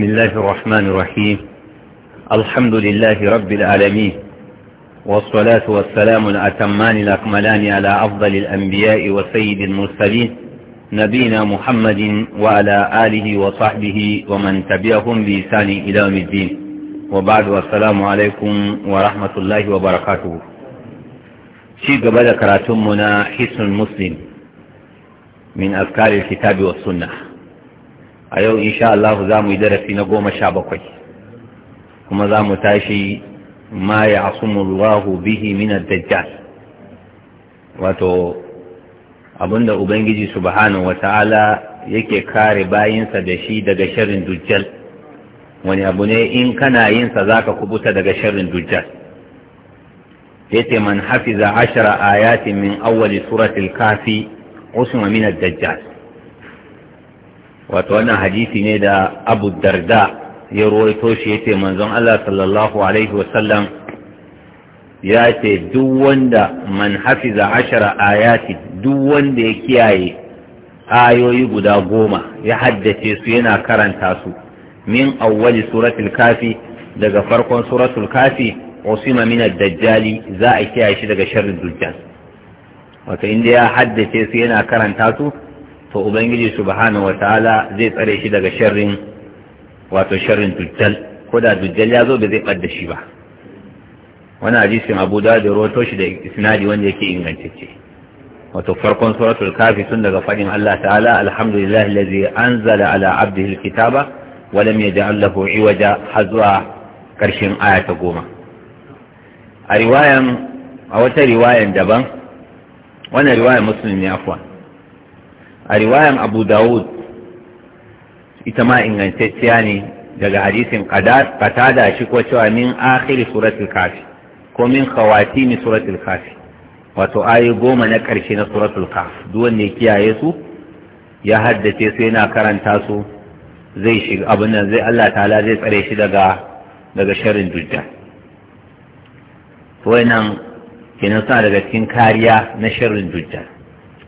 بسم الله الرحمن الرحيم الحمد لله رب العالمين والصلاة والسلام الأتمان الأكملان على أفضل الأنبياء وسيد المرسلين نبينا محمد وعلى آله وصحبه ومن تبعهم بإسان إلى يوم الدين وبعد والسلام عليكم ورحمة الله وبركاته شيء قبل كراتمنا حسن المسلم من أذكار الكتاب والسنة a yau insha Allah za mu yi darasi na goma sha bakwai kuma za mu tashi ma ya asumullahu bihi minar dajjal wato abinda ubangiji subhanahu wa ta'ala yake kare bayinsa da shi daga shirin dujjal wani abu ne in kana yinsa za ka kubuta daga shirin dujjal yace man hafiza ashara ayatin min awwali suratul kafi usma min ad-dajjal wato wannan hadisi ne da abu darda ya ruwaito shi ya ce manzon Allah sallallahu alaihi wasallam ya ce duk wanda man hafiza ashara ayati duk wanda ya kiyaye ayoyi guda goma ya haddace su yana karanta su min awwali suratul kafi daga farkon suratul kafi usima min ad-dajjali za a kiyaye shi daga sharrin dujjal wato inda ya haddace su yana karanta su to ubangiji subhanahu wataala zai tsare shi daga sharrin wato sharrin dujjal ko da dujjal ya zo da zai ɓadda shi ba wani hadisin abu da da roto shi da isnadi wanda yake ingantacce wato farkon suratul kafi tun daga fadin Allah ta'ala alhamdulillah allazi anzala ala abdihi alkitaba wa lam yaj'al lahu iwaja hazwa karshen aya ta goma a riwayan a wata riwayan daban wannan riwayan muslim ne afwan a riwayan abu dawud ita ma ingantacciya ne daga hadisin da shi ko cewa min akhiri suratul kafi ko min khawatimi suratul kafi wato ayi goma na karshe na suratul kafi duk wanda ya kiyaye su ya haddace su yana karanta su zai shiga abin nan zai Allah ta'ala zai tsare shi daga daga sharrin dujjal to kenan sa daga cikin kariya na sharrin dujjal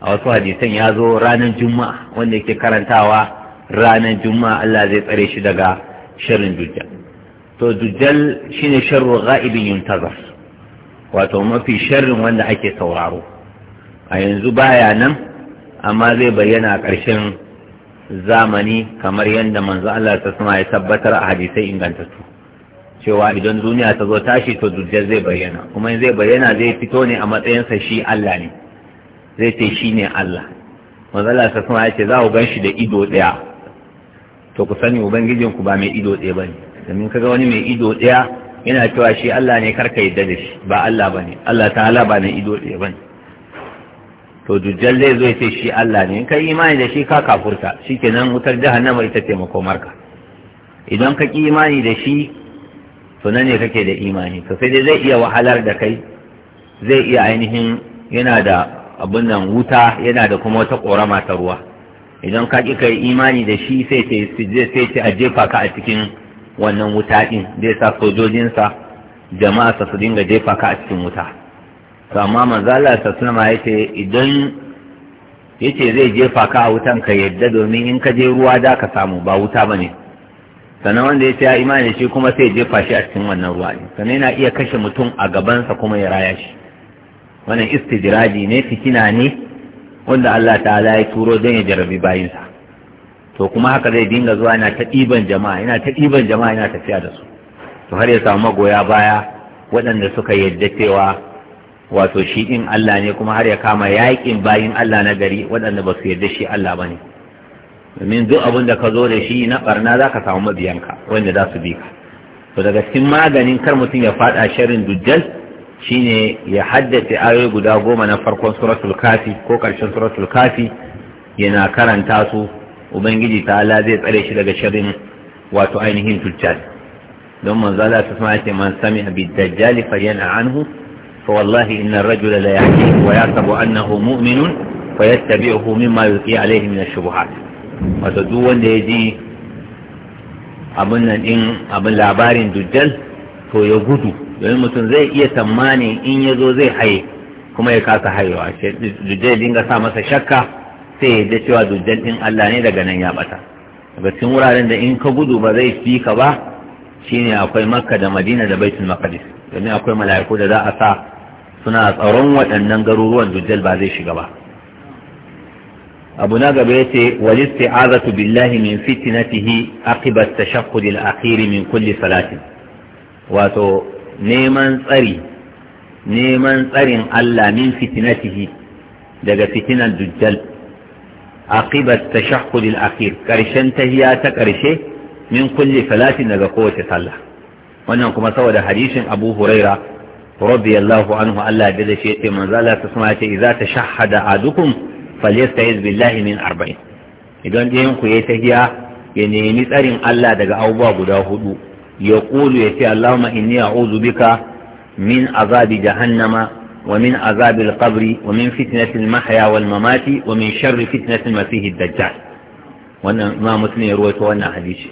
a wasu hadisan ya zo ranar juma'a wanda yake karantawa ranar juma'a Allah zai tsare shi daga shirin dujjal to dujjal shine sharru ghaibin yuntazar wato mafi shirin wanda ake sauraro a yanzu baya nan amma zai bayyana a ƙarshen zamani kamar yadda manzo Allah ta sama ya tabbatar a hadisai ingantattu cewa idan duniya ta zo tashi to dujjal zai bayyana kuma zai bayyana zai fito ne a matsayinsa shi Allah ne zai ce shi ne Allah Wanzala ta kuma ya ce za ku gan shi da ido ɗaya to ku sani ubangijinku ba mai ido ɗaya ba ne domin kaga wani mai ido ɗaya yana cewa shi Allah ne karka yadda da shi ba Allah ba ne Allah ta hala ba na ido ɗaya ba ne to dujjal zai zo ce shi Allah ne kai imani da shi ka kafurta nan wutar jahannama ita ce makomarka idan ka ki imani da shi to nan ne kake da imani to sai dai zai iya wahalar da kai zai iya ainihin yana da abin nan wuta yana da kuma wata ƙorama ta ruwa idan ka ƙi kai imani da shi sai ce a jefa ka a cikin wannan wuta ɗin zai sa sojojinsa jama'a sa su dinga jefa ka a cikin wuta to amma manzala ta sunama ya ce idan ya ce zai jefa ka a wutan ka yadda domin in ka je ruwa da ka samu ba wuta ba ne sannan wanda ya ce ya imani da shi kuma sai jefa shi a cikin wannan ruwa ne sannan yana iya kashe mutum a gabansa kuma ya raya shi wannan istijiraji ne fitina ne wanda Allah ta'ala ya turo don ya jarabi bayinsa to kuma haka zai dinga zuwa yana ta ɗiban jama'a yana ta ɗiban jama'a yana tafiya da su to har ya samu magoya baya waɗanda suka yadda cewa wato shi ɗin Allah ne kuma har ya kama yaƙin bayin Allah na gari waɗanda ba su yadda shi Allah ba ne domin duk abin da ka zo da shi na ɓarna za ka samu mabiyanka wanda za su bi ka to daga cikin maganin kar mutum ya faɗa sharrin dujjal shine ya haddace ayoyi guda goma na farkon suratul kafi ko karshen suratul kafi yana karanta su ubangiji ta'ala zai tsare shi daga sharrin wato ainihin tujjal don manzo Allah ta sama man sami bi dajjal falyana anhu fa wallahi inna ar-rajula la yahdi wa yasabu annahu mu'minun fayattabi'uhu mimma yuqi alayhi min ash-shubuhat wato duk wanda ya ji abin nan din abin labarin dujjal to ya gudu domin mutum zai iya tsammanin in ya zo zai haye kuma ya kasa hayewa dujjal dinga sa masa shakka sai ya da cewa dujjal din Allah ne daga nan ya bata daga cikin wuraren da in ka gudu ba zai fi ka ba shine akwai makka da madina da baitul maqdis domin akwai mala'iku da za a sa suna tsaron waɗannan garuruwan dujjal ba zai shiga ba abu na gaba yace wal isti'azatu billahi min fitnatihi aqiba at-tashaqqud al-akhir min kulli salatin wato neman tsari neman tsarin Allah min fitinatihi daga fitinan dujjal aqibat tashahhud al-akhir karshen tahiya ta karshe min kulle salatin daga kowace sallah wannan kuma saboda hadisin Abu Huraira radiyallahu anhu Allah ya da shi ya ce, Allah ta sama yace idza tashahhada adukum falyasta'iz billahi min arba'in idan ɗayan ku yayi tahiya ya nemi tsarin Allah daga abubuwa guda hudu ya ƙulu ya ce Allahumma inni a'udhu bika min azabi jahannama wa min azabil qabri wa min fitnatil mahya wal mamati wa min sharri fitnatil masihi dajjal wannan ma muslim ya ruwaito wannan hadisi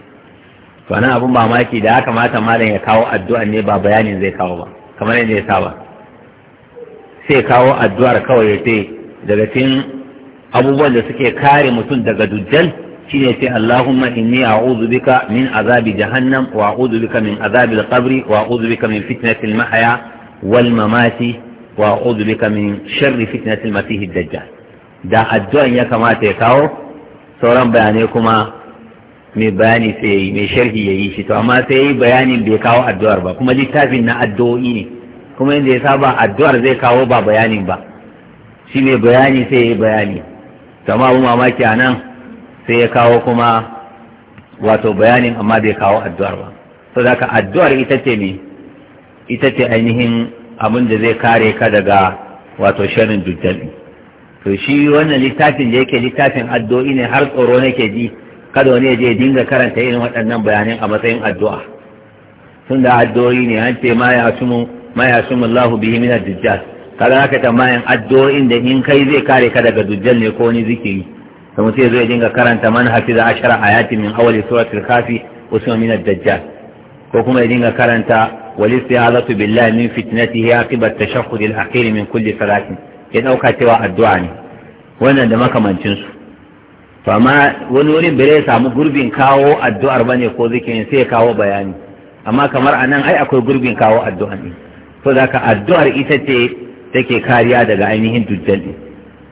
to nan abun mamaki da ya kamata malam ya kawo addu'ar ne ba bayanin zai kawo ba kamar yadda ya saba sai kawo addu'ar kawai ya ce daga cikin abubuwan da suke kare mutum daga dujjal shine sai Allahumma inni a'udhu bika min azabi jahannam wa a'udhu bika min azabi al-qabri wa a'udhu bika min fitnati al-mahya wal mamati wa a'udhu bika min sharri fitnati al-masih ad-dajjal da addu'an ya kamata ya kawo sauran bayanai kuma mai bayani sai yayi mai sharhi yayi shi to amma sai yayi bayanin bai kawo addu'ar ba kuma littafin na addu'o'i ne kuma inda ya saba addu'ar zai kawo ba bayanin ba shi mai bayani sai yayi bayani to amma mamaki a nan sai ya kawo kuma wato bayanin amma bai kawo addu'ar ba so da addu'ar ita ce ne ita ce ainihin abin da zai kare ka daga wato sharin dujjal to shi wannan littafin da yake littafin addu'o'i ne har tsoro nake ji kada wani ya je dinga karanta irin waɗannan bayanin a matsayin addu'a tun da addu'o'i ne an ce ma ya sumu ma ya sumu Allahu bihi min ad-dajjal ta ma tamayan addu'o'in da in kai zai kare ka daga dujjal ne ko wani zikiri da mutum zai dinga karanta man da ashara ayatin min awali suratul kafi usma min dajjal ko kuma ya dinga karanta wal isti'azatu billahi min fitnatihi aqiba at-tashahhud al-akhir min kulli salatin ya dauka cewa addu'a ne wannan da makamancin su to amma wani wurin bai samu gurbin kawo addu'ar bane ko zikirin sai ya kawo bayani amma kamar anan ai akwai gurbin kawo addu'a ne to da ka addu'ar ita ce take kariya daga ainihin dujjal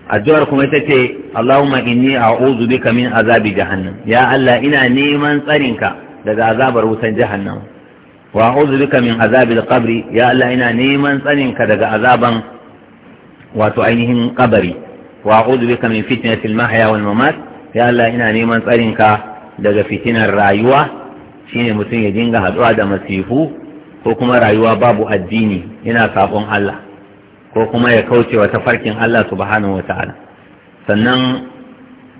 addu'ar kuma ita ce Allahumma inni a'udhu bika min azabi jahannam ya Allah ina neman tsarinka daga azabar wutan jahannam wa a'udhu bika min azabi al-qabri ya Allah ina neman tsarinka daga azaban wato ainihin kabari wa a'udhu bika min fitnati al-mahya wal mamat ya Allah ina neman tsarinka daga fitinar rayuwa shine mutum ya dinga haɗuwa da masifu ko kuma rayuwa babu addini ina sabon Allah ko kuma ya kauce wa tafarkin Allah subhanahu wa ta'ala sannan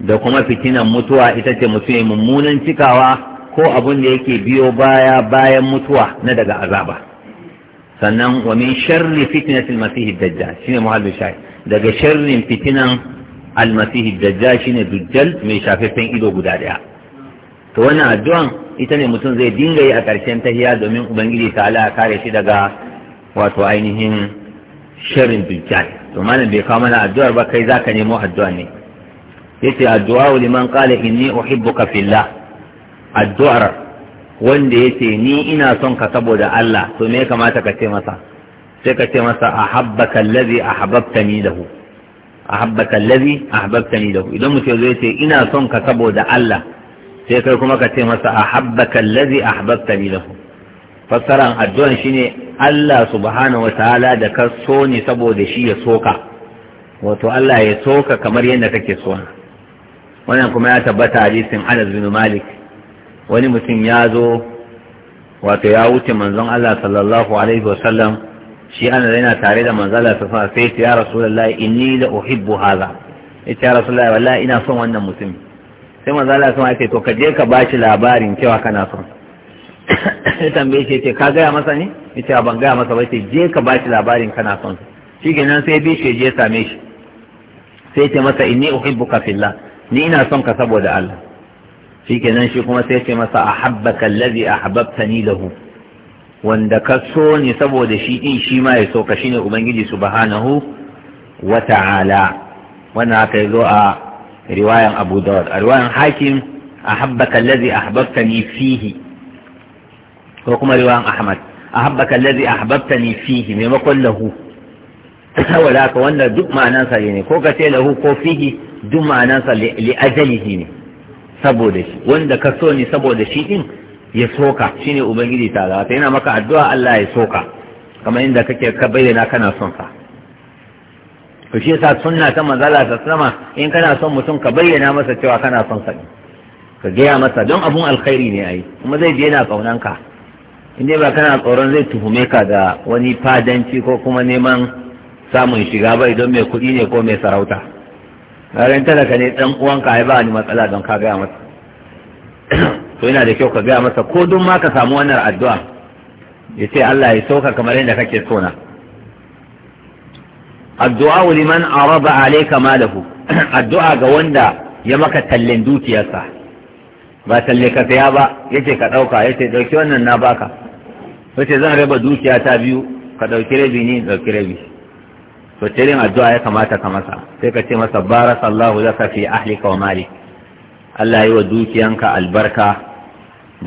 da kuma fitinan mutuwa ita ce mutum ya mummunan cikawa ko abin da yake biyo baya bayan mutuwa na daga azaba sannan wa min sharri fitnatil masih dajjal shine muhallu shayi daga sharrin fitinan almasih dajjal shine dajjal mai shafaffen ido guda daya to wannan addu'an ita ne mutum zai dinga yi a ƙarshen tahiya domin ubangiji ta ya kare shi daga wato ainihin sharrin dujjal to malam bai kawo mana addu'ar ba kai zaka nemo addu'a ne yace addu'a liman qala inni uhibbuka fillah addu'ar wanda yace ni ina son ka saboda Allah to me kamata ka ce masa sai ka ce masa ahabbaka allazi ahbabtani lahu ahabbaka allazi ahbabtani lahu idan mutum zai ce ina son ka saboda Allah sai kai kuma ka ce masa ahabbaka allazi ahbabtani lahu fassaran addu'an shine Allah subhanahu wataala da ka so ne saboda shi ya soka wato Allah ya soka kamar yadda kake so wannan kuma ya tabbata hadisin Anas bin Malik wani mutum ya zo wato ya wuce manzon Allah sallallahu alaihi wasallam shi ana yana tare da manzon Allah sallallahu alaihi wasallam sai ya rasulullahi inni la uhibbu hadha ita ya rasulullahi wallahi ina son wannan mutum sai manzon Allah sallallahu alaihi wasallam ya ce to ka je ka bashi labarin cewa kana son ya tambaye shi ce ka gaya masa ne ya ce ban gaya masa ba ce je ka ba shi labarin kana son su shi kenan sai bi shi je same shi sai ce masa inni uhibbuka fillah ni ina son ka saboda Allah shi kenan shi kuma sai ce masa ahabbaka allazi ahbabtani lahu wanda ka so ne saboda shi din shi ma ya so ka shine ubangiji subhanahu wa ta'ala wannan aka zo a riwayan Abu Dawud a riwayan Hakim ahabbaka allazi ahbabtani fihi ko kuma riwayan ahmad ahabbaka allazi ahbabtani fihi maimakon lahu saboda haka wanda duk ma'anansa ne ko ka ce lahu ko fihi duk ma'anansa li ajalihi ne saboda shi wanda ka so ne saboda shi din ya soka shine ubangiji ta ta yana maka addu'a Allah ya soka kamar inda kake ka bayyana kana son sa to shi yasa sunna ta manzala ta sama in kana son mutum ka bayyana masa cewa kana son sa ka gaya masa don abun alkhairi ne ai kuma zai je yana kaunanka inda ba kana tsoron zai tuhume ka da wani fadanci ko kuma neman samun shiga ba idan mai kuɗi ne ko mai sarauta ranar talaka ne ɗan uwanka ai ba ni matsala don ka gaya masa to yana da kyau ka gaya masa ko don ma ka samu wannan addu'a ya ce Allah ya sauka kamar yadda kake so na addu'a liman araba alayka malahu addu'a ga wanda ya maka tallen dukiyarsa ba talle ka saya ba yace ka dauka yace dauki wannan na baka yace zan raba dukiya ta biyu ka dauki rabi ni dauki rabi to ma addu'a ya kamata ka masa sai ka ce masa barakallahu laka fi ahlika wa malik Allah yi wa dukiyanka albarka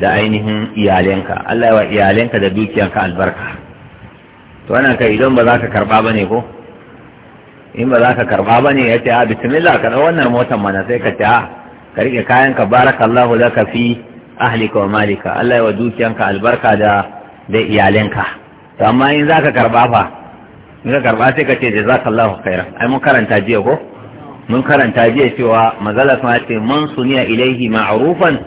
da ainihin iyalenka Allah yi wa iyalenka da dukiyanka albarka to wannan kai idan ba za ka karba bane ko in ba za ka karba bane yace a ah, bismillah ka wannan motar mana sai ka ce a ah, ka rike kayan ka barakallahu laka fi ahlika wa malika Allah ya wa dukiyanka albarka da da iyalinka to amma in zaka karba fa in ka karba sai ka ce jazakallahu khairan ai mun karanta jiya ko mun karanta jiya cewa mazalla sun ce man suniya ilaihi ma'rufan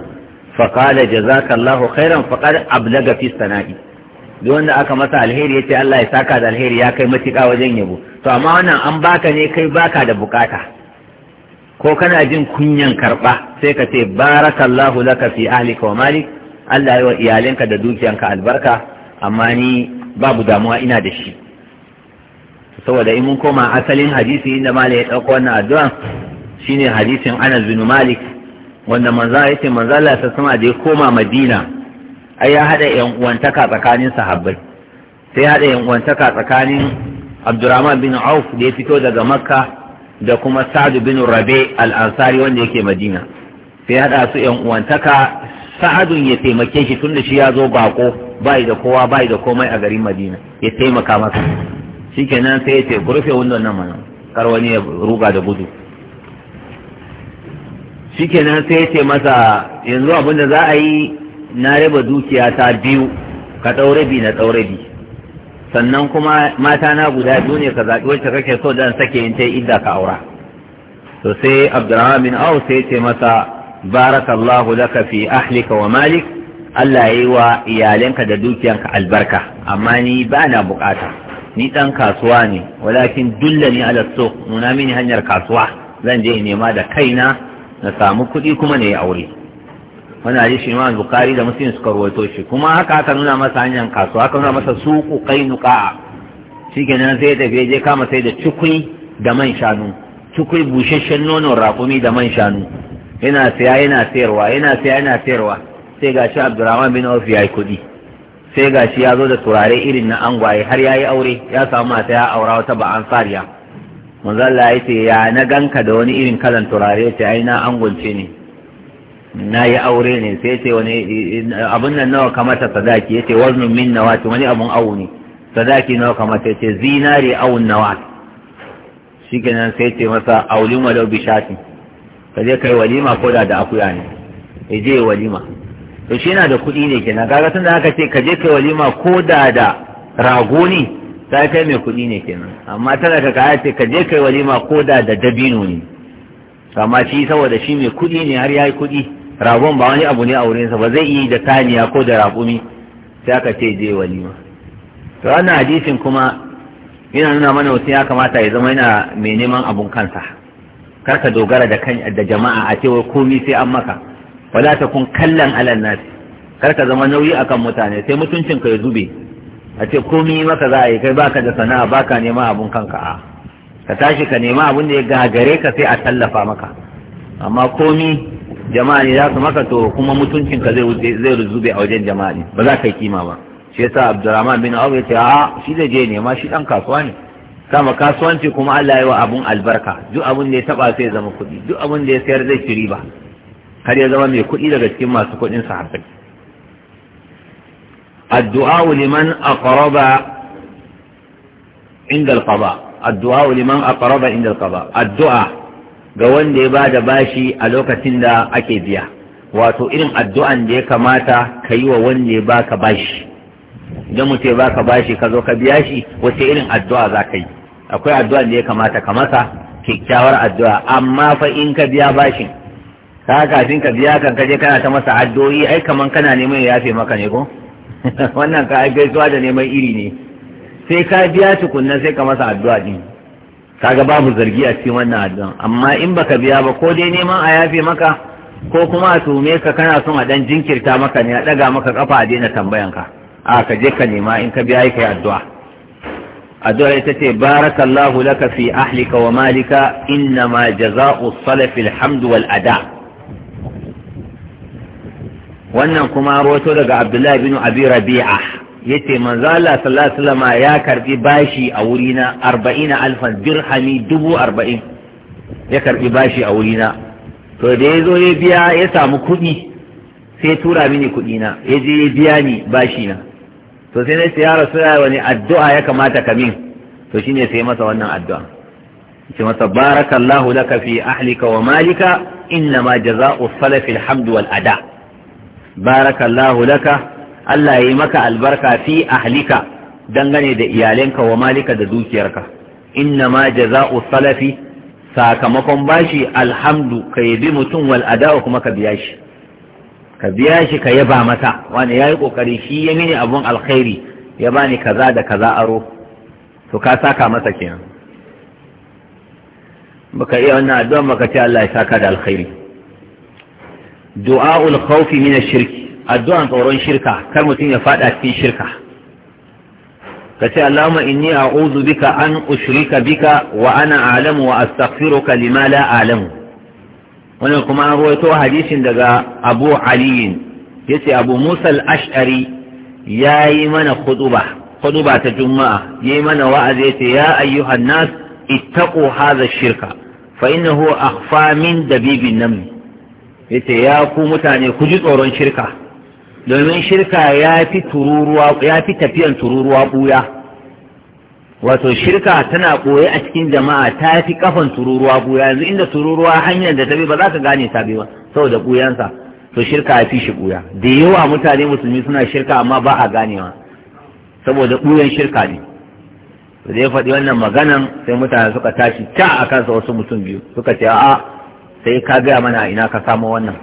fa qala jazakallahu khairan faqad ablaga fi sana'i duk wanda aka masa alheri yace Allah ya saka da alheri ya kai matuka wajen yabo to amma wannan an baka ne kai baka da bukata ko kana jin kunyan karɓa sai ka ce barakallahu laka fi ahlika wa malik Allah ya wa iyalinka da dukiyanka albarka amma ni babu damuwa ina da shi saboda in mun koma asalin hadisi inda malik ya ɗauko wannan addu'a shine hadisin Anas bin Malik wanda manzo ya ce manzo Allah ya sama da ya koma Madina ai ya hada yan uwantaka tsakanin sahabbai sai hada yan uwantaka tsakanin Abdurrahman bin Auf da ya fito daga Makka da kuma Sadu bin rabe al-ansari wanda yake madina sai hada su yan uwantaka sa'adun ya taimake shi tunda shi ya zo bako bai da kowa bai da komai a garin madina ya taimaka masa shikenan sai ya ce gurfe rufe nan mana kar wani ya ruga da gudu shikenan sai ya ce masa yanzu abinda za a yi na raba dukiya ta biyu ka ɗaure bi na ɗaure bi sannan kuma mata na guda biyu ne ka zaɓi wacce kake so dan sake in tai idda ka aura to sai abdurrahman bin aw sai ce masa barakallahu laka fi ahlika wa malik Allah yayi wa iyalanka da dukiyanka albarka amma ni ba na bukata ni dan kasuwa ne walakin dullani ala suq nuna mini hanyar kasuwa zan je nema da kaina na samu kuɗi kuma ne aure wani hadisi imam bukari da muslim suka rawaito shi kuma haka aka nuna masa hanyar kasuwa aka nuna masa suku kainuka nan sai da je kama sai da cukui da man shanu cukui busheshen nono rakumi da man shanu yana siya yana sayarwa yana siya yana sayarwa sai ga shi abdurrahman bin auf ya yi kuɗi sai ga shi ya zo da turare irin na angwaye har ya yi aure ya samu mata ya aura wata ba an fariya. manzo ya ce ya na ganka da wani irin kalan turare ya ce ai na ne na yi aure ne sai ce wani abin nan nawa kamata sadaki ya ce waznun min ce wani abun awu ne sadaki nawa kamata ya ce zinari awun nawa shi nan sai ce masa aulin walau bishati ka je kai walima ko da da akuya ne ya je walima to shi yana da kuɗi ne kenan kaga da aka ce ka je kai walima ko da da rago ne ta kai mai kuɗi ne kenan amma tana ka kaya ce ka je kai walima ko da da dabino ne amma shi saboda shi mai kuɗi ne har ya yi kuɗi ragon ba wani abu ne a wurinsa ba zai yi da taniya ko da raƙumi sai aka ce je walima to wannan hadisin kuma yana nuna mana wasu ya kamata ya zama yana mai neman abun kansa kar ka dogara da kan da jama'a a cewa komi sai an maka wala ta kun kallan alal nas kar ka zama nauyi akan mutane sai mutuncin ka ya zube a ce komi maka za a yi kai baka da sana'a baka neman abun kanka a ka tashi ka nema abun da ya gagare ka sai a tallafa maka amma komi jama'a ne za su maka to kuma mutuncin ka zai zai ruzube a wajen jama'a ne ba za ka yi kima ba shi yasa Abdurrahman bin ya yace a shi da je ne ma shi dan kasuwa ne kama kasuwanci kuma Allah ya wa abun albarka duk abun da ya taba sai ya zama kuɗi duk abun da ya sayar zai ci riba har ya zama mai kuɗi daga cikin masu kuɗin sahabbai addu'a liman aqraba inda al-qada addu'a liman aqraba inda al-qada addu'a ga wanda ya bada bashi a lokacin da ake biya wato irin addu'an da ya kamata ka yi wa wanda ya baka bashi idan mutum ya baka bashi ka zo ka biya shi wace irin addu'a za ka yi akwai addu'an da ya kamata ka masa kyakkyawar addu'a amma fa in ka biya bashin ka kafin ka biya kan kaje kana ta masa addu'o'i ai kaman kana neman ya yafe maka ne ko wannan ka gaisuwa da neman iri ne sai ka biya tukunna sai ka masa addu'a din kaga babu zargi a cikin wannan addu'an amma in baka biya ba ko dai neman a yafe maka ko kuma a tume ka kana son a dan jinkirta maka ne a daga maka kafa a daina tambayan ka a ka je ka nema in ka biya kai addu'a addu'a ita ce barakallahu laka fi ahlika wa malika innama jaza'u salafi alhamdu wal ada' wannan kuma roto daga abdullahi bin abi rabi'a yace manzo Allah sallallahu alaihi ya karbi bashi a wurina 40 alfan dirhami dubu arba'in ya karbi bashi a wurina to da zo ya biya ya samu kuɗi sai tura mini kuɗi na ya je ya biya ni bashi na to sai na ce ya rasulullahi wani addu'a ya kamata ka min to shine sai masa wannan addu'a ce masa barakallahu laka fi ahlika wa malika innama jaza'u salafi alhamdu wal ada barakallahu laka Allah ya yi maka albarka fi ahlika dangane da iyalinka wa malika da dukiyarka inna ma jaza'u salafi sakamakon bashi alhamdu ka yabi mutum wal adawa kuma ka biya shi ka biya shi ka yaba mata wani ya yi kokari shi ya mini abun alkhairi ya bani kaza da kaza aro to ka saka masa kenan baka iya wannan addu'a baka ce Allah ya saka da alkhairi ul khawfi min ash-shirki addu'an tsoron shirka kar mutum ya fada cikin shirka ka ce Allahumma inni a'udhu bika an ushrika bika wa ana a'lamu wa astaghfiruka lima la a'lamu wannan kuma an rawaito hadisin daga Abu Ali yace Abu Musa al-Ash'ari yayi mana khutuba khutuba ta Juma'a yayi mana wa'azi yace ya ayyuhan nas ittaqu hadha shirka fa innahu akhfa min dabibin naml yace ya ku mutane ku ji tsoron shirka domin shirka ya fi tururuwa tafiyan tururuwa buya wato shirka tana koye a cikin jama'a ta fi kafan tururuwa buya yanzu inda tururuwa hanyar da ta bi ba za ka gane ta ba saboda buyansa to shirka ya fi shi buya da yawa mutane musulmi suna shirka amma ba a ganewa saboda buyan shirka ne da ya faɗi wannan maganan sai mutane suka tashi ta a kansa wasu mutum biyu suka ce a'a sai ka gaya mana ina ka samo wannan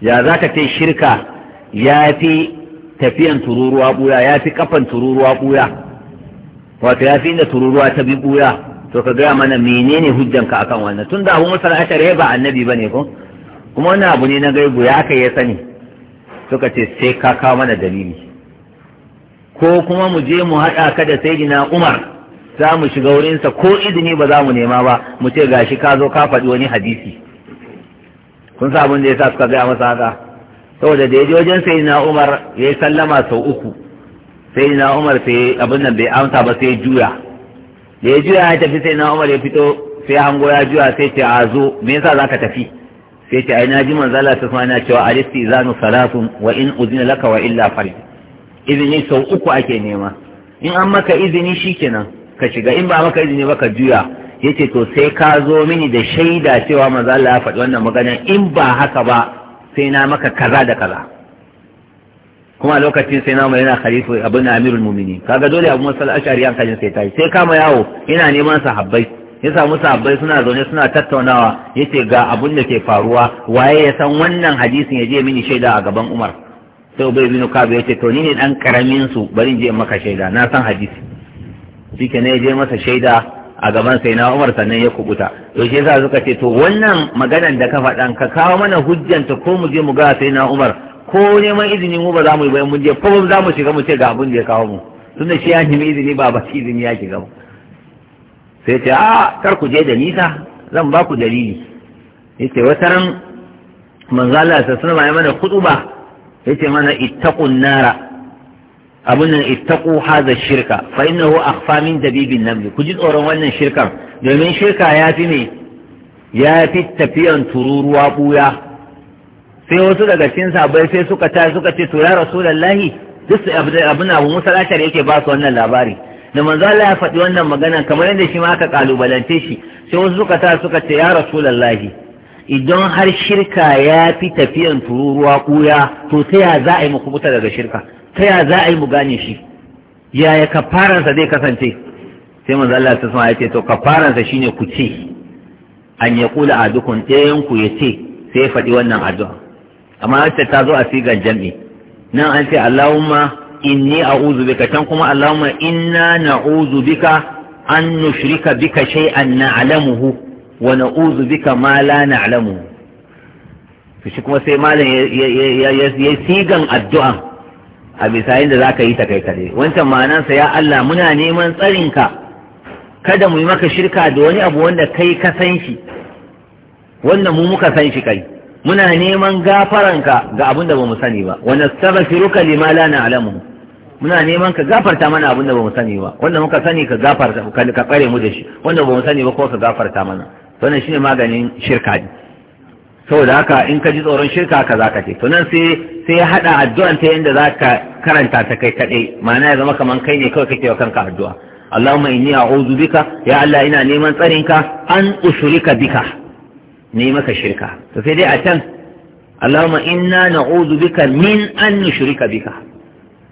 ya za ka ce shirka ya fi tafiyan tururuwa buya ya fi kafan tururuwa buya wato ya fi inda tururuwa ta bi buya to ka gaya mana menene hujjanka akan wannan tun da abu masar ashar ba annabi ba ne ko kuma wani abu ne na gaibu ya aka ya sani suka ce sai ka kawo mana dalili ko kuma mu je mu haɗa ka da sayyidina umar za mu shiga wurinsa ko izini ba za mu nema ba mu ce gashi ka zo ka faɗi wani hadisi kun sa abin da ya sa suka gaya masa haka saboda da ya je wajen sai na umar ya yi sallama sau uku sai na umar sai abin nan bai amsa ba sai juya da ya juya ya tafi sai na umar ya fito sai hango ya juya sai ce a zo me yasa zaka tafi sai ce ai na ji manzo Allah sai na cewa alisti zanu salatun wa in uzina laka wa illa fari. izini sau uku ake nema in an maka izini shi shikenan ka shiga in ba maka izini ba ka juya yace to sai ka zo mini da shaida cewa manzo Allah ya faɗi wannan magana in ba haka ba sai na maka kaza da kaza kuma lokacin sai na mai yana khalifu abin da amirul mumini kaga dole abu masal ashari an kajin sai sai kama yawo ina neman sahabbai ya samu sahabbai suna zaune suna tattaunawa yace ga abun da ke faruwa waye ya san wannan hadisin ya je mini shaida a gaban Umar sai Ubay bin Ka'ab yace to ni ne dan karamin su bari je maka shaida na san hadisi shike ne je masa shaida a gaban sai na umar sannan ya kubuta to shi yasa suka ce to wannan maganan da ka faɗan ka kawo mana hujjanta ko mu je mu ga sai na umar ko neman izini mu ba za mu yi bayan mun je ko za mu shiga mu ce ga abin da ya kawo mu tunda shi ya nemi izini ba ba izini ya shiga sai ce a kar ku je da nisa zan ba ku dalili yace wata ran manzo Allah sallallahu alaihi wasallam ya mana khutba yace mana ittaqun nara abin nan ittaqu hadha shirka fa innahu akhfa min dabibin naml ku ji tsoron wannan shirkan domin shirka ya fi ne ya fi tafiyan tururuwa buya sai wasu daga cikin sabai sai suka ta suka ce to ya rasulullahi duk abin abu musa lashar yake ba su wannan labari da manzo Allah ya faɗi wannan magana kamar yadda shi ma aka kalubalance shi sai wasu suka ta suka ce ya rasulullahi idan har shirka ya fi tafiyan tururuwa buya to sai ya za a yi muku daga shirka ta ya za a yi mu gane shi yaya kafaransa zai kasance sai manzo Allah ta sama ya ce to kafaransa shine ku ce an ya kula a dukun ɗayan ku ya ce sai faɗi wannan addu'a amma wacce ta zo a sigar jam'i nan an ce Allahumma inni a'udhu bika can kuma Allahumma inna na'udhu bika an nushrika bika shay'an na'lamuhu wa na'udhu bika ma la na'lamuhu shi kuma sai malam ya sigan addu'a a bisa da za ka yi ta kai kaɗai wancan ma'anansa ya Allah muna neman tsarinka kada mu yi maka shirka da wani abu wanda kai ka san shi wanda mu muka san shi kai muna neman gafaranka ga abin da bamu sani ba wa nastaghfiruka lima la na'lamu muna neman ka gafarta mana abin da bamu sani ba wanda muka sani ka gafarta ka kare mu da shi wanda bamu sani ba ko ka gafarta mana wannan shine maganin shirka ne saboda haka in ka ji tsoron shirka ka za ka ce to nan sai sai ya haɗa addu'an ta yadda za ka karanta ta kai kaɗai ma'ana ya zama kamar kai ne kawai kake wa kanka addu'a Allahumma inni a'udhu bika ya Allah ina neman tsarin ka? an ushurika bika ne maka shirka to sai dai a can Allahumma inna na'udhu bika min an nushrika bika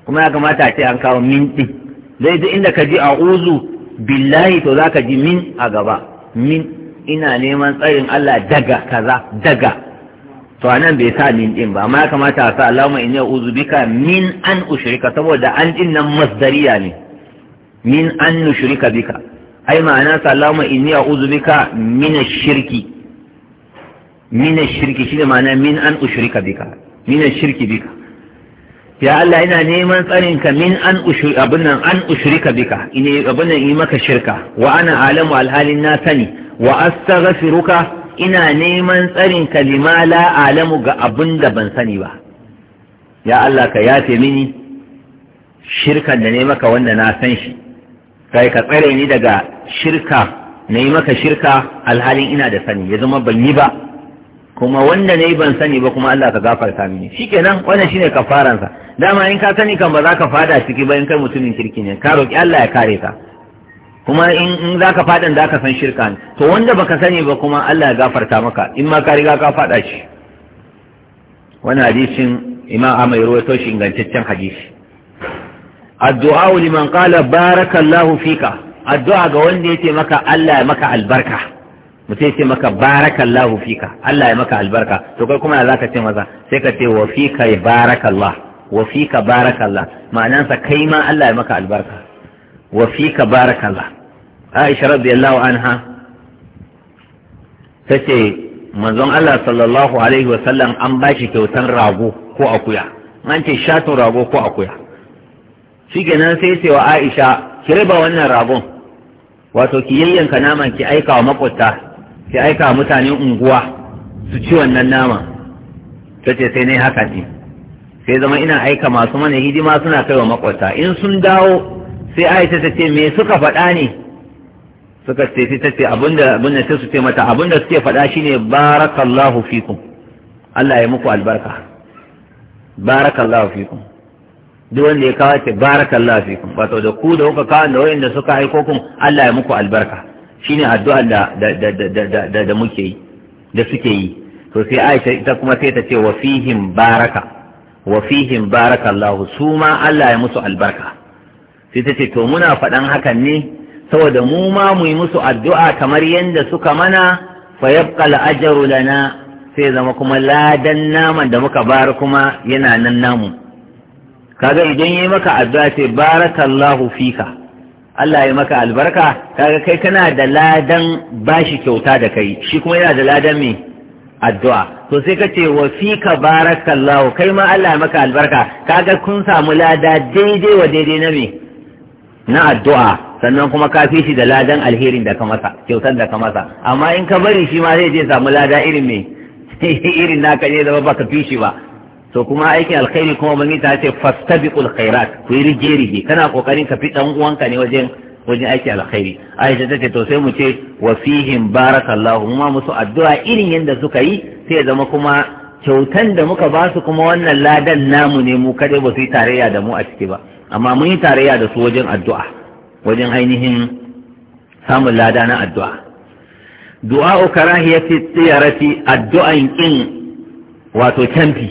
kuma ya kamata a ce an kawo min din dai duk inda ka ji a'udhu billahi to zaka ji min a gaba min ina neman tsarin Allah daga kaza daga to anan bai sa min din ba amma ya kamata a sa Allahumma inni a'udhu bika min an ushrika saboda an din nan masdariya ne min an nushrika bika ai ma'ana sa Allahumma inni a'udhu bika min ash-shirki min ash-shirki shine ma'ana min an ushrika bika min ash-shirki bika ya Allah ina neman tsarin ka min an ushrika abin nan an ushrika bika ina abin nan yi maka shirka wa ana alamu alhalin na sani wa astaghfiruka ina neman tsarin kalima la alamu ga abin da ban sani ba ya Allah ka yafe mini shirkan da ne maka wanda na san shi kai ka tsare ni daga shirka na yi maka shirka alhalin ina da sani ya zama ban yi ba kuma wanda na yi ban sani ba kuma Allah ka gafarta mini shikenan wannan shine kafaransa dama in ka sani kan ba za ka fada ciki ba in kai mutumin kirki ne ka roki Allah ya kare ka kuma in za ka faɗin za ka san shirka ne to wanda baka sani ba kuma Allah ya gafarta maka in ma ka riga ka faɗa shi wani hadisin imam amai ruwaito shi ingantaccen hadisi addu'a liman qala barakallahu fika addu'a ga wanda yake maka Allah ya maka albarka mutum ce maka barakallahu fika Allah ya maka albarka to kai kuma za ka ce maza sai ka ce wa fika barakallah wa fika barakallah ma'anansa kai ma Allah ya maka albarka wa fika barakallah aisha radiyallahu anha ta manzon Allah sallallahu alaihi wasallam an bashi shi kyautan rago ko akuya an ce shatun rago ko akuya shi nan sai ce wa aisha ki riba wannan ragon wato ki yayyanka naman ki aika wa makwabta ki aika wa mutanen unguwa su ci wannan nama ta ce sai ne haka ce sai zama ina aika masu mana hidima suna kai wa makwabta in sun dawo sai aisha ta ce me suka faɗa ne suka ce sai ta ce abinda abinda sai su ce mata abinda suke faɗa shine barakallahu fikun Allah ya muku albarka barakallahu fikun duk wanda ya kawo ce barakallahu fikum wato da ku da kuka kawo da wayanda suka aiko kun Allah ya muku albarka shine addu'a da da muke yi da suke yi to sai Aisha ita kuma sai ta ce wa fihim baraka wa fihim barakallahu su ma Allah ya musu albarka sai ta ce to muna faɗan hakan ne saboda mu ma mu yi musu addu'a kamar yadda suka mana fa yabqa al-ajru lana sai zama kuma ladan naman da muka bar kuma yana nan namu kaga idan yayi maka addu'a sai barakallahu fika Allah ya maka albarka kaga kai kana da ladan bashi kyauta da kai shi kuma yana da ladan me addu'a to sai ka ce, wa fika barakallahu kai ma Allah ya maka albarka kaga kun samu lada daidai wa daidai na me na addu'a sannan kuma ka fi shi da ladan alherin da ka masa kyautar da ka masa amma in ka bari shi ma zai je samu lada irin mai irin naka ne zama baka fi shi ba to kuma aikin alkhairi kuma yi ta ce fastabiqul khairat ku yi rige rige kana kokarin ka fi dan uwanka ne wajen wajen aiki alkhairi aisha ta ce to sai mu ce wa fihim barakallahu mu ma musu addu'a irin yanda suka yi sai zama kuma kyautan da muka ba su kuma wannan ladan namu ne mu kaɗai ba su yi tarayya da mu a ciki ba amma mun yi tarayya da su wajen addu'a wajen ainihin samun lada na addu’a. Du’a ukara ya fi tsirarati addu’an ƙin wato canfi,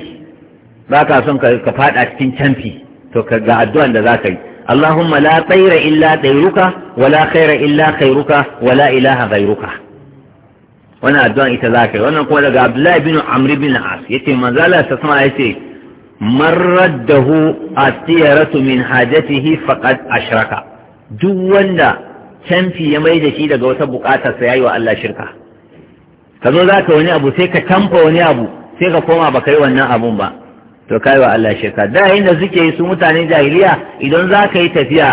ba ka son ka faɗa cikin canfi, to ga addu’an da za ka yi. Allahumma la tsaira illa tsairuka, wala khaira illa khairuka, wala ilaha ghairuka. Wannan addu’an ita za ka yi, wannan kuma daga Abdullahi bin Amri bin As, yake manzala sa sama ya ce, Man raddahu a tsirarati min hajjatihi faƙad ashraka. duk wanda canfi ya mai da shi daga wata bukatar sa yayi wa Allah shirka ka zo zaka wani abu sai ka tamfa wani abu sai ka koma baka yi wannan abun ba to kai wa Allah shirka da inda suke yi su mutane jahiliya idan zaka yi tafiya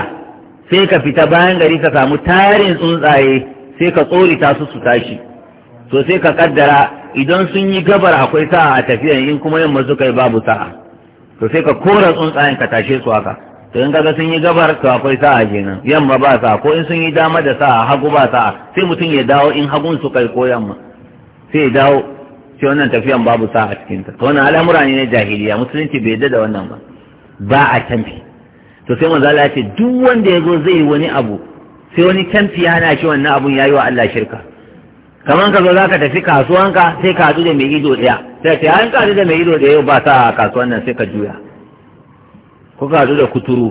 sai ka fita bayan gari ka samu tarin tsuntsaye sai ka tsorita su su tashi to sai ka kaddara idan sun yi gabar akwai sa'a a tafiyan in kuma yamma suka yi babu sa'a to sai ka kora tsuntsayen ka tashe su haka to in kaga sun yi gabar to akwai sa'a kenan yamma ba sa'a ko in sun yi dama da sa'a hagu ba sa'a sai mutum ya dawo in hagun su kai ko yamma sai ya dawo sai wannan tafiyan babu sa'a cikin ta to wannan al'amura ne na jahiliya musulunci bai yadda da wannan ba ba a canfi to sai manzo Allah ya ce duk wanda ya zo zai yi wani abu sai wani canfi ya hana shi wannan abun yayi wa Allah shirka kamar ka zo za ka tafi kasuwanka sai ka haɗu da mai ido ɗaya sai ka ce an ka haɗu da mai ido ɗaya ba sa kasuwan nan sai ka juya kuka haɗu da kuturu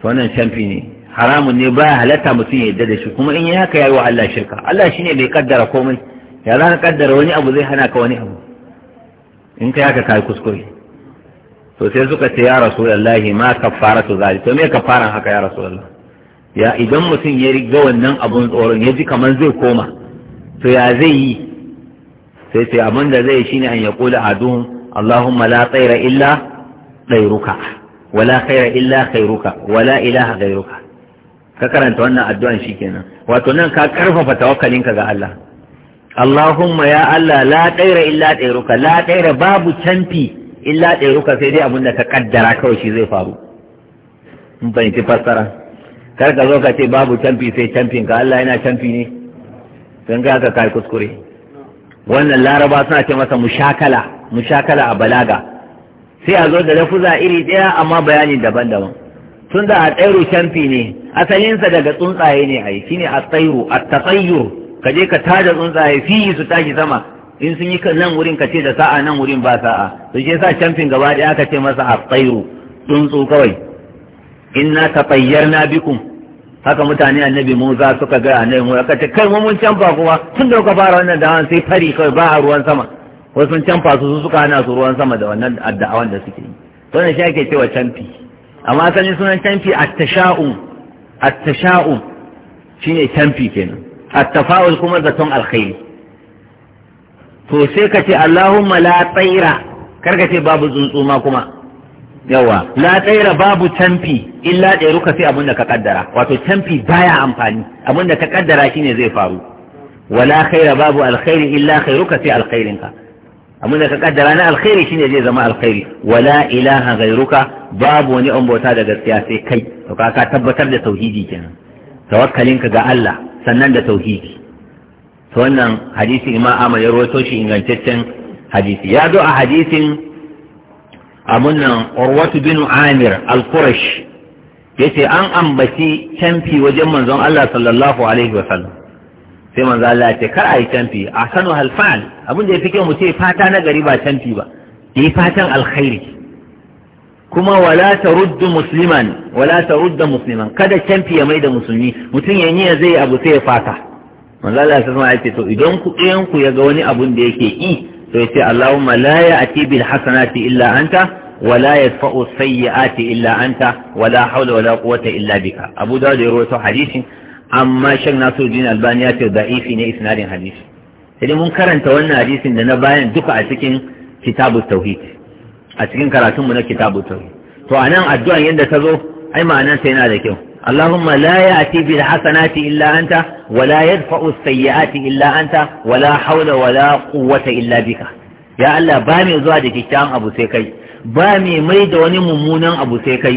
to wannan canfi ne haramun ne baya halatta mutum ya yadda da shi kuma in yi haka ya yi wa Allah shirka Allah shi ne bai kaddara komai ya za ka kaddara wani abu zai hana ka wani abu in kai haka kai kuskure to sai suka ce ya rasulullahi ma kaffaratu zalika to me kafaran haka ya rasulullah ya idan mutum ya riga wannan abun tsoron ya ji kamar zai koma to ya zai yi sai sai abin da zai shine an ya kula aduhum Allahumma la tsaira illa tsairuka wala khaira illa khairuka wala ilaha ghairuka ka karanta wannan addu'an shikenan wato nan ka karfafa tawakkalinka ga Allah Allahumma ya Allah la ɗaira illa ɗairuka la babu camfi illa ɗairuka sai dai abinda ka kaddara kawai shi zai faru in fahimci fassara kar ka zo ka ce babu canfi sai canfin ka Allah yana canfi ne don ga ka kai kuskure wannan laraba suna ce masa mushakala mushakala a balaga sai a zo da lafuza iri ɗaya amma bayani daban-daban tun da a tsairu shamfi ne asalinsa daga tsuntsaye ne a shi ne a tsairu a tasayyur ka je ka tada tsuntsaye fi su tashi sama in sun yi nan wurin ka ce da sa'a nan wurin ba sa'a to shi yasa shamfin gaba ɗaya aka ce masa a tsairu tsuntsu kawai inna na bikun. haka mutane annabi Musa suka ga annabi Musa ce. kai mu mun canfa kuma tun da ka fara wannan da sai fari kawai ba a ruwan sama wasu sun canfa su su suka hana su ruwan sama da wannan addu'awan da suke yi Wannan ne shi ake cewa canfi amma asalin sunan canfi at-tasha'um at-tasha'um shine canfi kenan at-tafa'ul kuma zaton alkhairi to sai ka ce Allahumma la tsaira ka ce babu tsuntsuma kuma yawa la tsaira babu tamfi illa da ruka sai abinda ka kaddara wato tamfi baya amfani abinda ka kaddara shine zai faru wala khaira babu alkhairi illa khairuka sai alkhairinka abin da ka kaddara na alkhairi shine zai zama alkhairi wala ilaha ghairuka babu wani an bauta da gaskiya sai kai to ka ka tabbatar da tauhidi kenan tawakkalin ka ga Allah sannan da tauhidi to wannan hadisi imam Ahmad ya rawaito shi ingantaccen hadisi ya zo a hadisin amunan nan Urwatu bin Amir al-Qurash yace an ambaci canfi wajen manzon Allah sallallahu alaihi wa sallam sai manzo Allah ce kar a yi canfi a sanu halfal abin da ya fi kyau mu ce fata na gari ba canfi ba yi fatan alkhairi kuma wala ta ruddu musliman wala ta rudda musliman kada canfi ya mai da musulmi mutum ya niyya zai abu sai ya fata manzo Allah sai ya ce to idan ku ɗayan ku ya ga wani abun da yake yi to ya ce Allahumma la ya'ti bil hasanati illa anta ولا يدفع السيئات إلا أنت ولا حول ولا قوة إلا بك أبو داود يروي حديث amma shan nasiruddin albani ya ce da'ifi ne isnadin hadisi sai mun karanta wannan hadisin da na bayan duka a cikin kitabu a cikin karatunmu na kitabu tauhid to anan addu'an yadda ta zo ai ma'anar ta yana da kyau اللهم لا يأتي بالحسنات إلا أنت ولا يدفع السيئات إلا أنت ولا حول ولا قوة إلا بك يا الله بامي زوا da kikkiawan abu sai kai ba mai mai da wani mummunan abu sai kai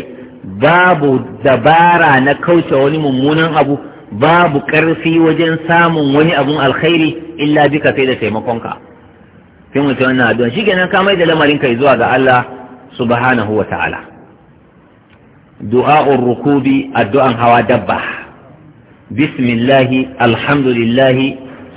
babu dabara na kauce wani mummunan abu babu ƙarfi wajen samun wani abun alkhairi illa bika sai da taimakonka sai mutum wannan addu'a shikenan ka mai da lamarin kai zuwa ga Allah subhanahu wa ta'ala du'a'ur rukubi addu'an hawa dabba bismillahi alhamdulillahi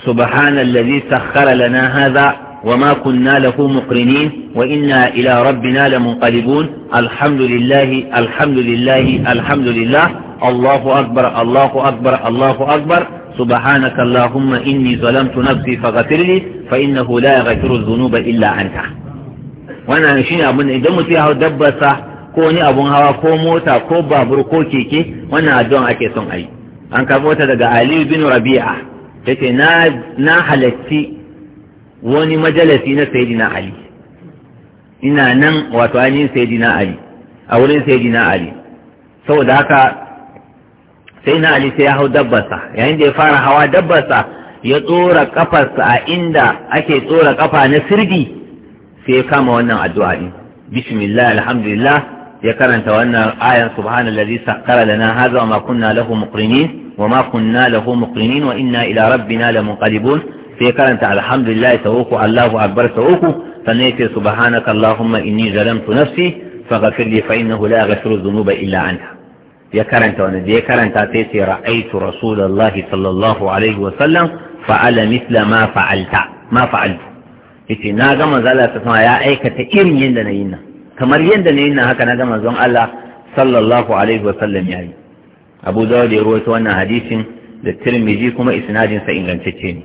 subhanallazi sakhkhara lana hadha وما كنا له مقرنين وإنا إلى ربنا لمنقلبون الحمد لله الحمد لله الحمد لله الله أكبر الله أكبر الله أكبر سبحانك اللهم إني ظلمت نفسي فغفر لي فإنه لا يغفر الذنوب إلا أنت وانا شيء أبن إذا متيها دبسة كوني أبن هوا كو موتا كو بابر كو كيكي وانا أدوان أكي سن أي أنك موتا دقا علي بن ربيعة يتي نا حلتي wani majalasi na sayidina ali ina nan wato ainihin sayidina ali a wurin sayidina ali saboda haka sai na ali sai ya hau dabbarsa yayin da ya fara hawa dabbarsa ya tsora kafarsa a inda ake tsora kafa na sirgi sai ya kama wannan addu'a din bismillah alhamdulillah ya karanta wannan ayan subhanallazi sakkara lana hadha wa ma kunna lahu muqrinin wa ma kunna lahu muqrinin wa inna ila rabbina lamunqalibun sai ya karanta alhamdulillah sau uku allahu akbar uku sannan ya ce subhanaka allahumma inni zalamtu nafsi faghfir li fa innahu la yaghfiru dhunuba illa anta ya karanta wani da ya karanta sai sai ra'aitu rasulullahi sallallahu alaihi wa sallam fa'ala misla ma fa'alta ma fa'altu yace na ga manzo Allah ta sama ya aikata irin yadda na yi nan kamar yadda na yi nan haka na ga manzon Allah sallallahu alaihi wa sallam yayi Abu Dawud ya rawaito wannan hadisin da Tirmidhi kuma isnadin sa ingantacce ne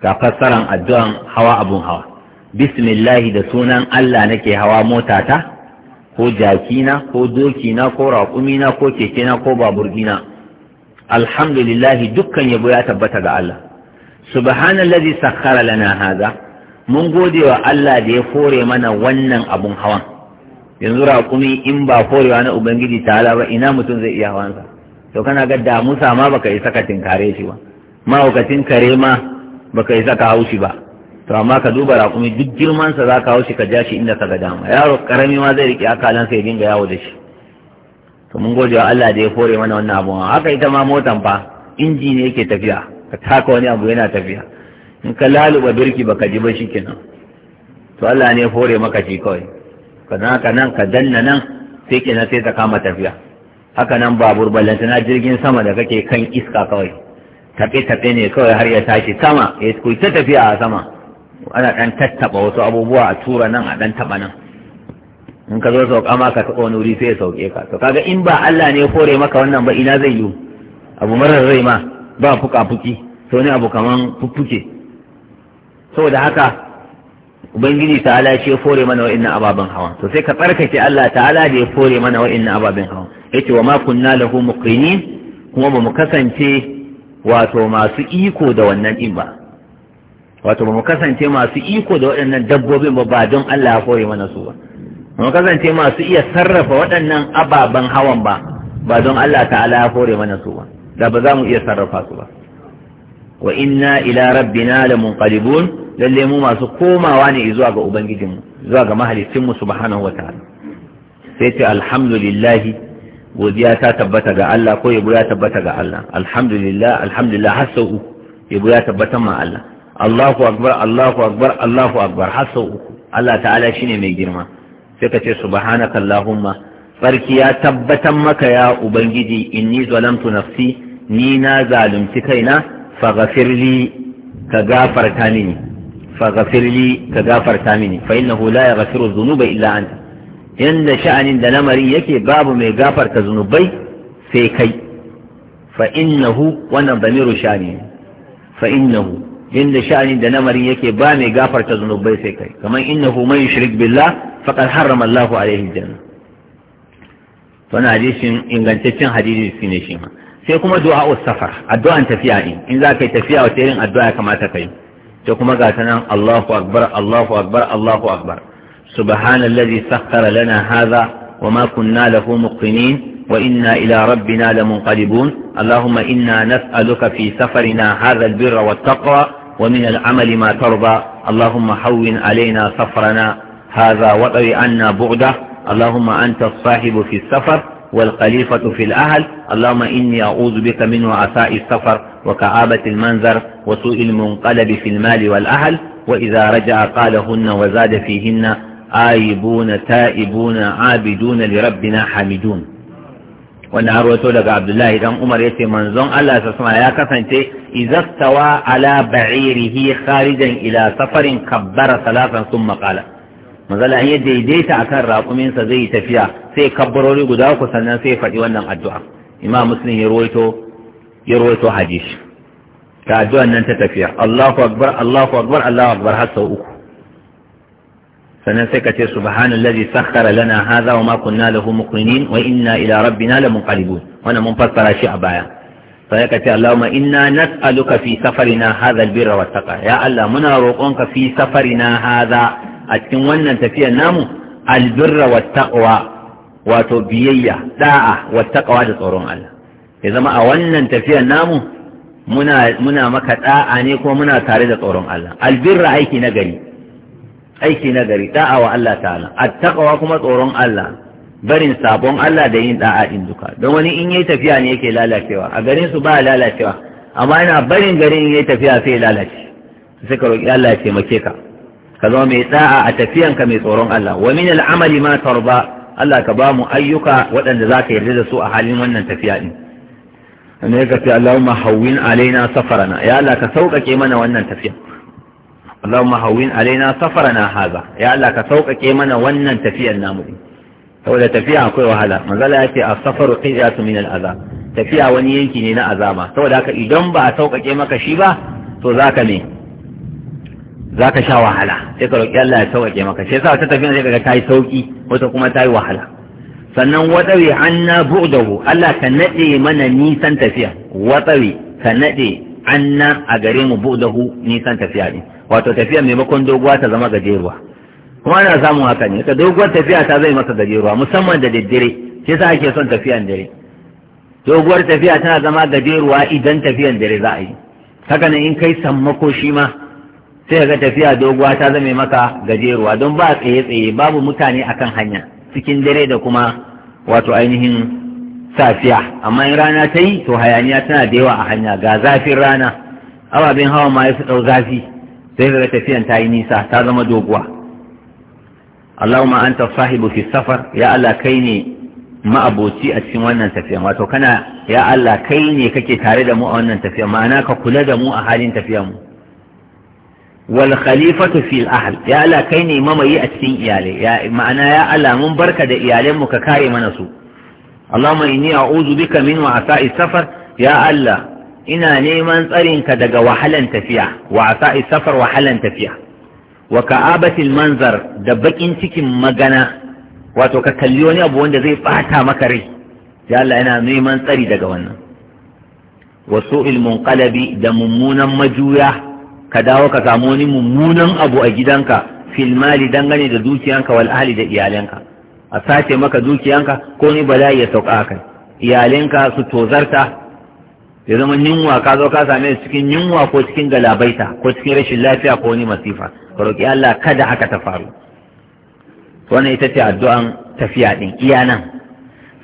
ga fassaran addu'an hawa abun hawa bismillah da sunan Allah nake hawa motata ko jakina ko dokina ko raƙumina ko kekena ko baburgina alhamdulillahi dukkan yabo ya tabbata ga Allah subhanallazi sakhara lana haza mun gode wa Allah da ya fore mana wannan abun hawan yanzu raƙumi in ba forewa na ubangiji ta'ala ba ina mutum zai iya hawansa to kana ga damusa ma baka isa ka tinkare shi ba mahaukacin kare ma baka isa ka haushi ba to amma ka duba raƙumi duk girman sa zaka hau shi ka ja shi inda ka ga dama yaro karami ma zai riƙe akalan sa ya dinga yawo da shi to mun gode wa Allah da ya fore mana wannan abu haka ita ma motan fa inji ne yake tafiya ka taka wani abu yana tafiya in ka laluba birki baka ji ba shikenan to Allah ne ya fore maka shi kawai ka ka nan ka danna nan sai kenan sai ta kama tafiya haka nan babur na jirgin sama da kake kan iska kawai tafe-tafe ne kawai har ya tashi sama ya ta tafiya a sama ana ɗan tattaɓa wasu abubuwa a tura nan a ɗan taɓa nan in ka zo sauka ma ka taɓa wani wuri sai ya sauke ka to kaga in ba Allah ne kore maka wannan ba ina zai yi abu marar rai ma ba fuka-fuki sau ne abu kaman fuffuke saboda haka ubangiji ta shi ya fore mana inna ababen hawa to sai ka tsarkake Allah ta ta'ala da ya fore mana inna ababen hawa yace wa ma kunna lahu muqrinin kuma ba mu kasance wato masu iko da wannan din ba wato ba mu kasance masu iko da waɗannan dabbobin ba ba don Allah ya koyi mana su ba ba mu kasance masu iya sarrafa waɗannan ababen hawan ba ba don Allah ta'ala ya kore mana su ba da ba za mu iya sarrafa su ba wa inna ila rabbina la munqalibun lalle mu masu komawa ne zuwa ga mu, zuwa ga mahaliccinmu subhanahu wa ta'ala sai ce alhamdulillahi godiya ta tabbata ga Allah ko yabo ya tabbata ga Allah alhamdulillah alhamdulillah har sau yabo ya tabbatar ma Allah Allahu akbar Allahu akbar Allahu akbar har sau uku Allah ta'ala shine mai girma sai ka ce subhanaka Allahumma sarki ya tabbatar maka ya ubangiji inni zalamtu nafsi ni na zalunci kaina faghfirli ka gafarta mini faghfirli ka gafarta mini fa innahu la yaghfiru dhunuba illa anta yanda sha'anin da lamarin yake babu mai gafarta zunubai sai kai fa innahu wannan damiru sha'ani fa innahu inda sha'ani da namarin yake ba mai gafarta zunubai sai kai kamar innahu man yushrik billah faqad harrama Allahu alaihi janna na hadisin ingantaccen hadisi ne shi sai kuma du'a safar addu'an tafiya ne in za ka yi tafiya wata irin addu'a ya kamata ka yi to kuma ga ta nan Allahu akbar Allahu akbar Allahu akbar subhanallazi sakhkhara lana hadha wama kunna lahu muqinin وإنا إلى ربنا لمنقلبون اللهم إنا نسألك في سفرنا هذا البر والتقوى ومن العمل ما ترضى اللهم هون علينا سفرنا هذا وطر عنا بعده اللهم أنت الصاحب في السفر والخليفة في الأهل اللهم إني أعوذ بك من وعثاء السفر وكعابة المنظر وسوء المنقلب في المال والأهل وإذا رجع قالهن وزاد فيهن آيبون تائبون عابدون لربنا حامدون wannan har wato daga abdullahi dan umar ya ce manzon Allah sa sama ya kasance izastawa ala ba'irihi kharijan ila safarin kabbara salatan sun qala manzala an daidaita akan raƙumin sa zai tafiya sai kabbarori guda uku sannan sai faɗi wannan addu'a imam muslim ya rawaito ya rawaito hadisi ta addu'an nan ta tafiya Allahu akbar Allahu akbar Allahu akbar har sau uku sannan sai ka ce subhanallazi sakhara lana hadha wa ma na lahu muqrinin wa inna ila rabbi lamunqalibun wannan mun fassara shi a baya sai ka ce Allahumma inna nas'aluka fi safarina hadha albirra wattaqa ya Allah muna roƙonka fi safarina hadha a cikin wannan tafiyar namu albirra wattaqwa wato biyayya da'a wattaqwa da tsoron Allah ya zama a wannan tafiyar namu muna muna maka da'a ne kuma muna tare da tsoron Allah albirra aiki na gari aiki na gari da'a wa Allah ta'ala attaqwa kuma tsoron Allah barin sabon Allah da yin da'a din duka don wani in yayi tafiya ne yake lalacewa a garin su ba lalacewa amma yana barin garin in yi tafiya sai lalace sai ka roki Allah ya taimake ka ka zama mai da'a a tafiyanka mai tsoron Allah wa min al'amali ma tarba Allah ka ba mu ayyuka waɗanda za ka yarda da su a halin wannan tafiya din ne ka ce Allahumma hawwin alaina safarana ya Allah ka sauƙaƙe mana wannan tafiya Allahumma hawwin alaina safarana haza ya Allah ka sauƙaƙe mana wannan tafiyar namu din saboda tafiya akwai wahala manzala ya ce as-safaru qiyatu min al-azab tafiya wani yanki ne na azama saboda haka idan ba a sauƙaƙe maka shi ba to zaka ne zaka sha wahala sai ka roki Allah ya sauƙaƙe maka shi yasa ta tafiya sai kaga tayi sauƙi wata kuma tayi wahala sannan wadawi anna bu'dahu Allah ka nade mana nisan tafiya wadawi ka nade anna a gare mu hu nisan tafiya ne wato tafiya maimakon doguwa ta zama gajeruwa kuma ana samun haka ne ta doguwar tafiya ta zai masa gajeruwa musamman da daddare shi yasa ake son tafiyan dare doguwar tafiya tana zama gajeruwa idan tafiyan dare za a yi haka nan in kai sammako shi ma sai ga tafiya doguwa ta zame maka gajeruwa don ba tsaye tsaye babu mutane akan hanya cikin dare da kuma wato ainihin safiya amma in rana ta yi to hayaniya tana da yawa a hanya ga zafin rana ababen hawa ma ya fi ɗau zafi sai daga tafiyan ta yi nisa ta zama doguwa Allahumma anta sahibu fi safar ya Allah kai ne ma'aboci a cikin wannan tafiyan wato kana ya Allah kai ne kake tare da mu a wannan tafiyan ma'ana ka kula da mu a halin tafiyan mu wal khalifatu fil ahl ya Allah kai ne mamayi a cikin iyalai ma'ana ya Allah mun barka da iyalan mu ka kare mana su Allahumma a a'udhu bika min wa'sa'i ya Allah ina neman tsarinka daga wahalan tafiya wa'sa'i safar wahalan tafiya wa manzar da bakin cikin magana wato ka kalli wani abu wanda zai bata maka rai ya ina neman tsari daga wannan wa su'il munqalabi da mummunan majuya ka dawo ka samu wani mummunan abu a gidanka filmali dangane da dukiyanka wal'ahali da iyalanka a sace maka dukiyanka ko ni bala'i ya sauka kai. iyalinka su tozarta ya zama yunwa ka zo ka same cikin yunwa ko cikin galabaita ko cikin rashin lafiya ko wani masifa ka roƙi Allah kada haka ta faru wannan ita ce addu'an tafiya din iya nan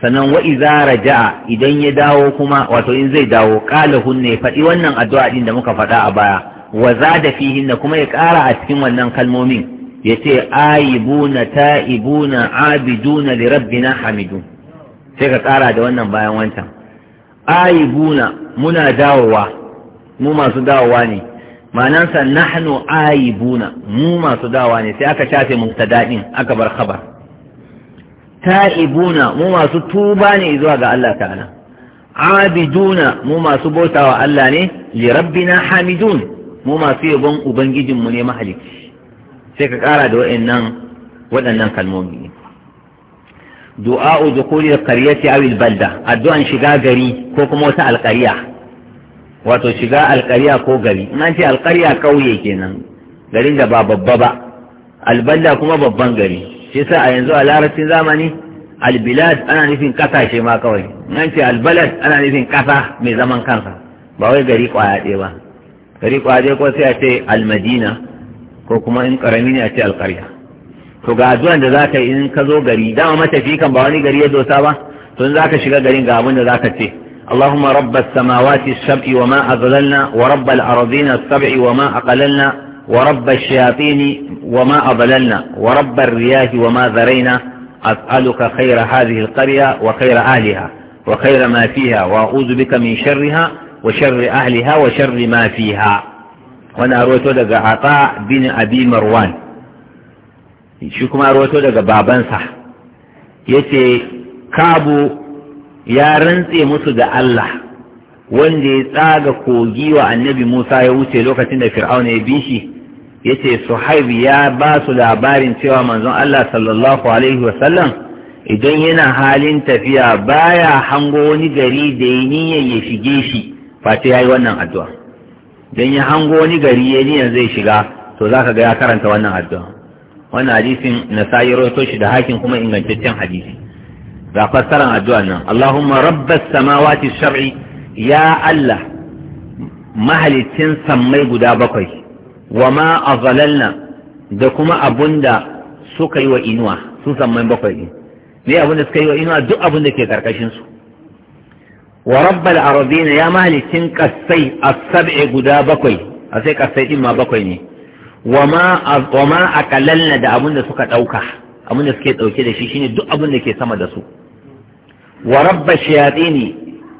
sannan wa iza raja'a idan ya dawo kuma wato in zai dawo qala hunne faɗi wannan addu'a din da muka faɗa a baya wa zada fihi hinna kuma ya ƙara a cikin wannan kalmomin yace aibuna ta'ibuna abiduna li rabbina hamidun sai ka tsara da wannan bayan wancan aibuna muna dawowa mu masu dawowa ne ma'anansa nahnu aibuna mu masu dawowa ne sai aka shafe mubtada'in aka bar khabar ta'ibuna mu masu tuba ne zuwa ga Allah ta'ala abiduna mu masu bautawa Allah ne li rabbina hamidun mu masu yabon ubangijinmu ne mahalicci sai ka ƙara da wa'annan waɗannan kalmomi du'a'u dukuli qaryati aw balda addu'an shiga gari ko kuma wata alqarya wato shiga alqarya ko gari nan ce alqarya kauye kenan garin da ba babba ba albalda kuma babban gari shi yasa a yanzu a larabcin zamani albilad ana nufin shi ma kawai nan ce albalad ana nufin kasa mai zaman kansa ba wai gari kwaya ɗaya ba gari kwaya ɗaya ko sai a ce almadina ko kuma in karami ne a ce alƙarya to ga addu'an da zaka yi in ka zo gari dama matafi kan ba wani gari ya dosa ba to in zaka shiga garin ga abin da zaka ce اللهم رب السماوات السبع وما أضللنا ورب الأرضين السبع وما أقللنا ورب الشياطين وما أضللنا ورب الرياح وما ذرينا أسألك خير هذه القرية وخير أهلها وخير ما فيها وأعوذ بك من شرها وشر أهلها وشر ما فيها wani rawaito daga Atsa bin Abi Marwan shi kuma rawaito daga babansa yace Kabu ya rantse musu da Allah wanda ya tsaga kogi wa annabi Musa ya wuce lokacin da Fir'auna ya bi shi yace Suhaib ya ba su labarin cewa manzon Allah sallallahu alaihi wasallam idan yana halin tafiya baya hango wani gari da ya niyyar ya shige shi face yi wannan addu'a don ya hango wani gari ya niyan zai shiga to za ka ga ya karanta wannan addu'a wannan hadisin na sayi roto shi da hakin kuma ingantaccen hadisi ga fassaran addu'an nan Allahumma rabbas samawati shar'i ya Allah mahalicin sammai guda bakwai wa ma azalalna da kuma abunda suka yi wa inuwa su sammai bakwai ne abunda suka yi wa inuwa duk abunda ke karkashin su wa rabbal na ya mahalicin kasai a sabi guda bakwai a sai kasai din ma bakwai ne wa ma wa ma da abun suka ɗauka, abun da suke ɗauke da shi shine duk abun ke sama da su wa rabba shayatini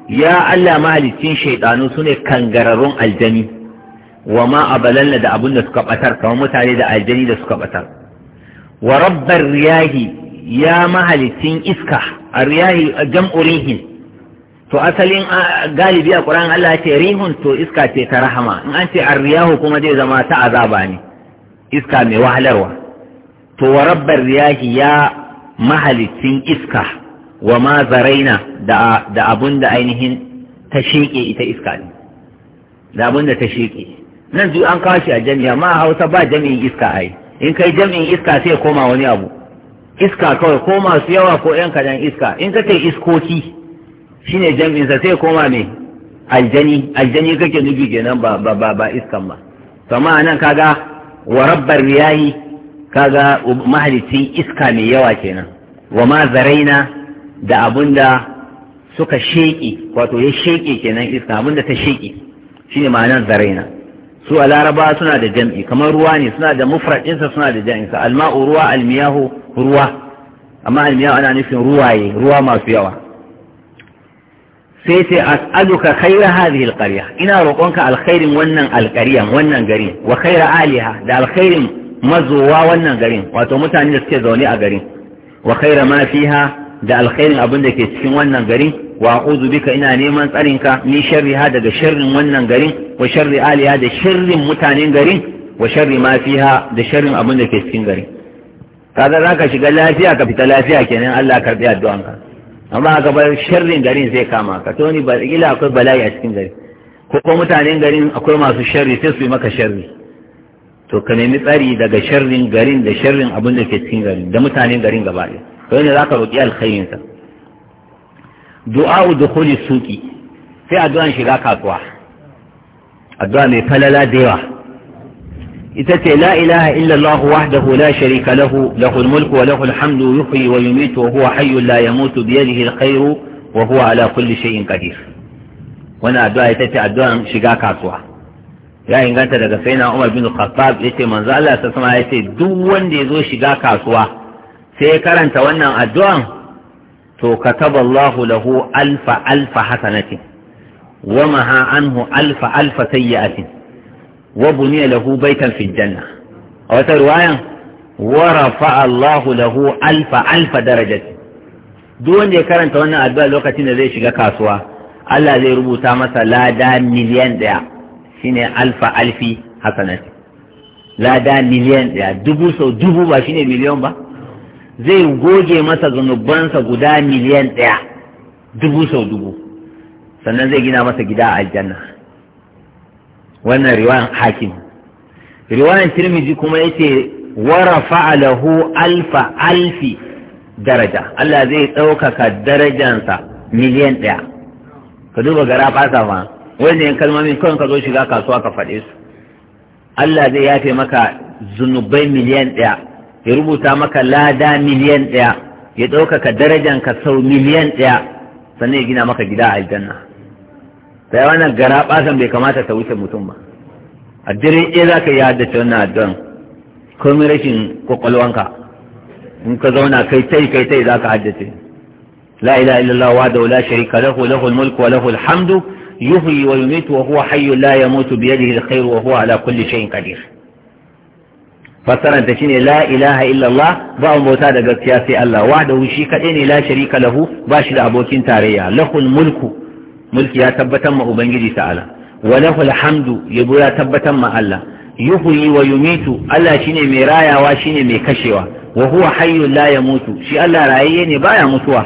ya Allah mahalicin su sune kangararrun aljani wa ma abalalla da abun suka batar kamar mutane da aljani da suka batar Warabbar riyahi ya mahalicin iska a riyahi jam'urihin to asalin galibi a ƙuran Allah ce rihun to iska ce ta rahama in an ce an Riyahu kuma zai zama ta azaba ne iska mai wahalarwa to wa rabbar riyahi ya mahalicin iska wa ma zaraina da abun da ainihin ta sheƙe ita iska ne da abun da ta sheƙe nan zuwa an kawo shi a jami'a ma hausa ba jami'in iska ai in kai jami'in iska sai koma wani abu iska kawai koma su yawa ko yan kadan iska in ka ce iskoki shine ne jam'insa sai koma ne aljani aljani kake nufi kenan ba ba ba, ba iskan ba amma kaga wa rabbar kaga mahalicin iska mai yawa kenan wa ma zaraina da abunda suka sheƙi wato ya sheƙe kenan iska abunda ta sheƙi shine ma'anar zaraina su a laraba suna da jam'i kamar ruwa ne suna da mufradinsa suna da jam'insa alma'u ruwa almiyahu ruwa amma almiyahu ana nufin ruwaye ruwa masu yawa sai ce as'aluka khaira hadhihi alqarya ina roƙonka alkhairin wannan alqaryan wannan garin wa khaira aliha da alkhairin mazowa wannan garin wato mutane da suke zaune a garin wa khaira ma fiha da alkhairin abin da ke cikin wannan garin wa a'udhu bika ina neman tsarinka min sharriha daga sharrin wannan garin wa sharri aliha da sharrin mutanen garin wa sharri ma fiha da sharrin abin da ke cikin garin kaga zaka shiga lafiya ka fita lafiya kenan Allah karbi addu'anka amma a gabar sharrin garin zai kama ka to ni ila akwai bala'i a cikin gari ko kuma mutanen garin akwai masu sharri sai su yi maka sharri to ka nemi tsari daga sharrin garin da sharrin abin da ke cikin garin da mutanen garin gaba ɗaya to ne ka roƙi alkhairin sa du'a dukhuli suqi sai addu'an shiga kasuwa addu'a mai falala da yawa ita ce la ilaha illallah wahdahu la sharika lahu lahul mulku wa lahul hamdu yuhyi wa yumitu wa huwa hayyun la yamutu bi yadihi wa huwa ala kulli shay'in qadir wannan addu'a ita ce addu'an shiga kasuwa ya inganta daga sayyidina Umar bin Khattab yace manzo Allah ta sama yace duk wanda yazo shiga kasuwa sai ya karanta wannan addu'an to kataba Allahu lahu alfa alfa hasanatin wa maha anhu alfa alfa sayyi'atin wa buniya lahu baitan fi janna a wata ruwayan wa rafa'a Allahu lahu alfa alfa darajati duk wanda ya karanta wannan addu'a lokacin da zai shiga kasuwa Allah zai rubuta masa lada miliyan ɗaya shine alfa alfi hasanat lada miliyan ɗaya dubu sau dubu ba shine miliyan ba zai goge masa zunubansa guda miliyan daya dubu sau dubu sannan zai gina masa gida a aljanna wannan riwayan hakim riwayan tirmidhi kuma yace wa rafa'a lahu alfa alfi daraja Allah zai ɗaukaka darajansa miliyan ɗaya ka duba gara fasa ma wannan kalmomin kawai ka zo shiga kasuwa ka faɗe su Allah zai yafe maka zunubai miliyan ɗaya ya rubuta maka lada miliyan ɗaya ya ɗaukaka darajanka sau miliyan ɗaya sannan ya gina maka gida a aljanna sai wannan gara basan bai kamata ta wuce mutum ba a dire ɗaya za ka yi haddace wannan addu'an komai rashin kwakwalwanka in ka zauna kai tai kai tai za ka haddace la ilaha illallah wa da la sharika lahu lahu mulku wa lahul hamdu yuhyi wa yumitu wa huwa hayyu la yamutu bi yadihi alkhair wa huwa ala kulli shay'in qadir fassaranta shine la ilaha illallah ba bauta da gaskiya sai Allah wahdahu shi kadai ne la sharika lahu ba shi da abokin tarayya lahu mulku mulki ya tabbatar ma ubangiji ta'ala wa lahu alhamdu yabo ya tabbatar ma Allah yuhyi wa yumitu Allah shine mai rayawa shine mai kashewa wa huwa hayyun la yamutu shi Allah rayayye ne baya mutuwa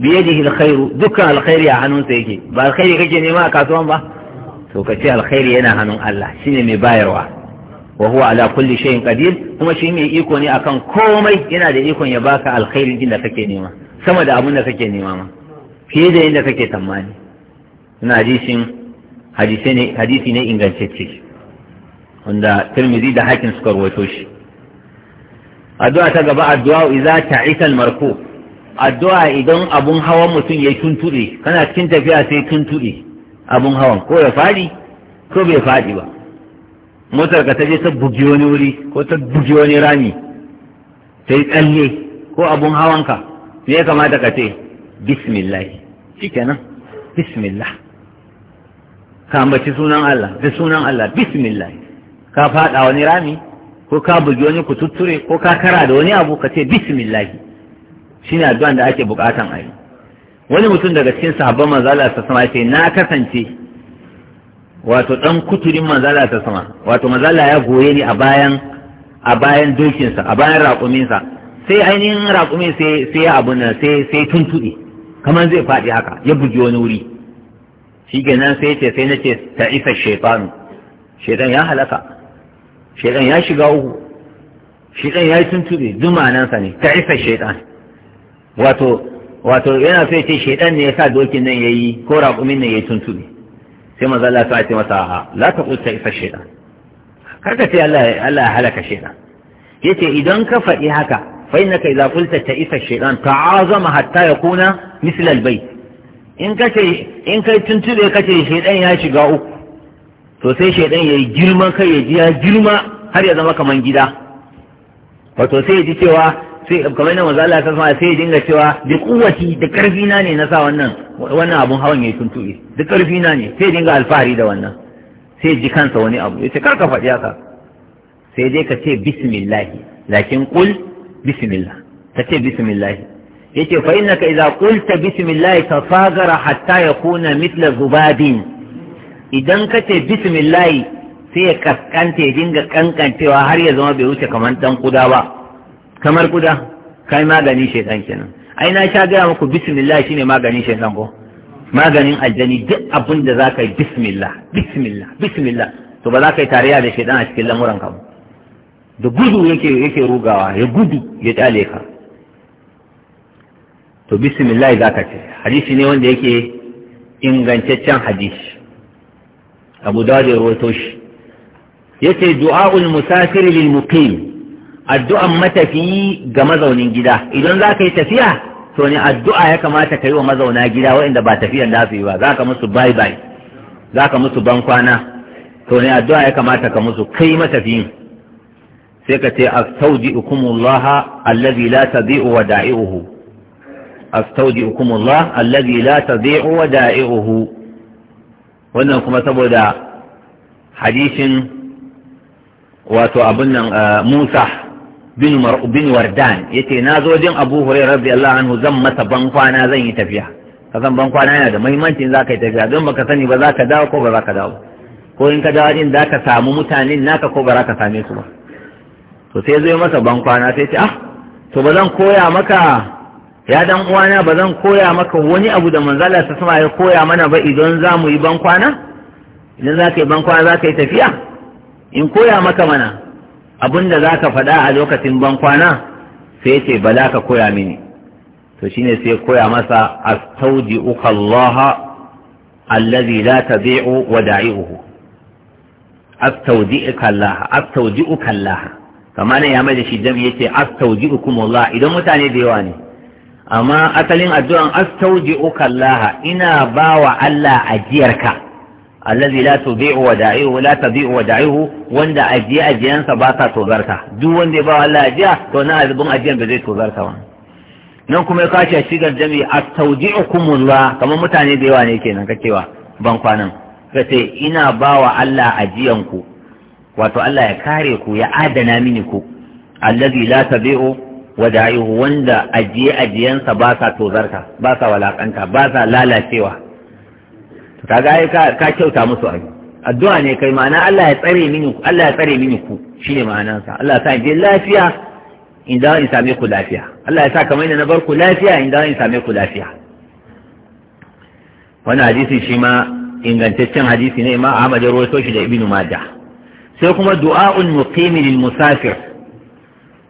bi yadihi alkhairu dukkan alkhairi a hannunsa yake ba alkhairi kake nema a kasuwan ba to ka ce alkhairi yana hannun Allah shine mai bayarwa wa huwa ala kulli shay'in qadir kuma shi mai iko ne akan komai yana da ikon ya baka alkhairin din da kake nema sama da abun da kake nema ma fiye da yadda kake tsammani suna hadisin hadisi ne ingantacce wanda turmizi da hakin suka rawaito shi addu'a ta gaba addu'a idza ta'ita al-marku addu'a idan abun hawan mutum yayi tuntube kana cikin tafiya sai tuntube abun hawan ko ya fadi ko bai fadi ba motar ka ta je ta bugi wani wuri ko ta bugi wani rami sai tsalle ko abun hawanka me ya kamata ka ce bismillah shikenan bismillah ka ambaci sunan Allah da sunan Allah bismillah ka faɗa wani rami ko ka bugi wani kututture ko ka kara da wani abu ka ce bismillah shine addu'an da ake bukatan a wani mutum daga cikin sahabban manzala ta sama ce na kasance wato dan kuturin sallallahu ta sama wato Allah ya goye ni a bayan a bayan dokinsa a bayan sa sai ainihin raƙumin sai ya abun sai sai tuntube kamar zai faɗi haka ya bugi wani wuri shi kenan sai ce sai na ce ta isa shaitanu shaitan ya halaka shaitan ya shiga uku shaitan ya yi tuntube dumanansa ne ta isa shaitan wato wato yana so ya ce shaitan ne ya sa dokin nan ya yi ko raƙumin nan ya yi tuntube sai manzo Allah ya ce masa a la ta ta isa shaitan karka ce Allah ya halaka shaitan yace idan ka faɗi haka fa innaka idza qulta ta isa shaitan azama hatta ya kuna al-bayt in kace in kai tuntube kace shaidan ya shiga uku to sai shaidan ya girma kai ya ji ya girma har ya zama kaman gida wato sai ya ji cewa sai kamar nan manzo Allah sallallahu sai ya dinga cewa bi kuwati da karfi na ne na sa wannan wannan abun hawan yayi tuntube da karfi na ne sai ya dinga alfahari da wannan sai ji kansa wani abu yace kar ka faɗi haka sai dai ka ce bismillah lakin kul bismillah ka ce bismillah yace fa innaka idza qulta bismillah tafagara hatta yakuna mithla zubabin idan ka ce bismillah sai ya kaskanta ya dinga kankantewa har ya zama bai wuce kamar dan kuda ba kamar kuda kai magani shedan kenan ai na sha gaya muku bismillah shine maganin shedan ko maganin aljani duk abin da zaka yi bismillah bismillah bismillah to ba za ka yi tarayya da shedan a cikin lamuran ka ba da gudu yake yake rugawa ya gudu ya tsale ka to bismillah za ka ce hadisi ne wanda yake ingantaccen hadisi abu da ya rawaito Ya yace du'a'ul musafir lil muqim addu'an matafiyi ga mazaunin gida idan za ka yi tafiya to ne addu'a ya kamata ka yi wa mazauna gida waɗanda ba tafiyan da su yi ba za ka musu bye bye za ka musu ban kwana to ne addu'a ya kamata ka musu kai matafiyin sai ka ce astauji ukumullaha allazi la tadi'u wa da'i'uhu أستودعكم الله الذي لا تضيع ودائعه wannan kuma saboda hadishin wato abin nan eh, Musa bin Wardan yace na zo jin Abu Hurairah radiyallahu anhu zan masa ban kwana zan yi tafiya Ka kasan ban kwana yana da muhimmanci in zaka yi tafiya don baka sani ba zaka dawo ko ba zaka dawo ko in ka dawo din zaka samu mutanen naka ko ba zaka same su ba to sai zo masa ban kwana sai ce ah to ba zan koya maka ya dan uwana ba zan koya maka wani abu da manzala ta sama ya koya mana ba idan za mu yi bankwana idan za ka yi bankwana za ka yi tafiya in koya maka mana abin da za ka faɗa a lokacin bankwana sai ce ba za ka koya mini to shi ne sai koya masa astauji uka allaha allazi la tabi'u wa da'i'uhu uku allaha astauji'uka allaha kamar ya mai da shi jami'a yace uku allah idan mutane da yawa ne amma asalin addu'an astauji'uka Allah ina ba wa Allah ajiyarka allazi la tubi'u da'ihu la wa da'ihu wanda ajiye ajiyansa ba ta tozarta duk wanda ba bawa Allah ajiya to na azbin ajiyan ba zai tozarta ba nan kuma ya kace shigar jami'i la kamar mutane da yawa ne kenan kakewa ban kwanan kace ina ba wa Allah ajiyanku wato Allah ya kare ku ya adana mini ku allazi la tabi'u wada'uhu wanda ajiye ajiyansa ba sa tozarta ba sa walakanta ba sa lalacewa kaga ai ka kyauta musu ai addu'a ne kai ma'ana Allah ya tsare mini Allah ya tsare mini ku shine ma'anansa Allah ya sa je lafiya in dawo in same ku lafiya Allah ya sa kamar yadda na bar ku lafiya in dawo in same ku lafiya wannan hadisi shi ma ingantaccen hadisi ne Imam Ahmad ya rawaito shi da Ibn Majah sai kuma du'a'ul muqim lil musafir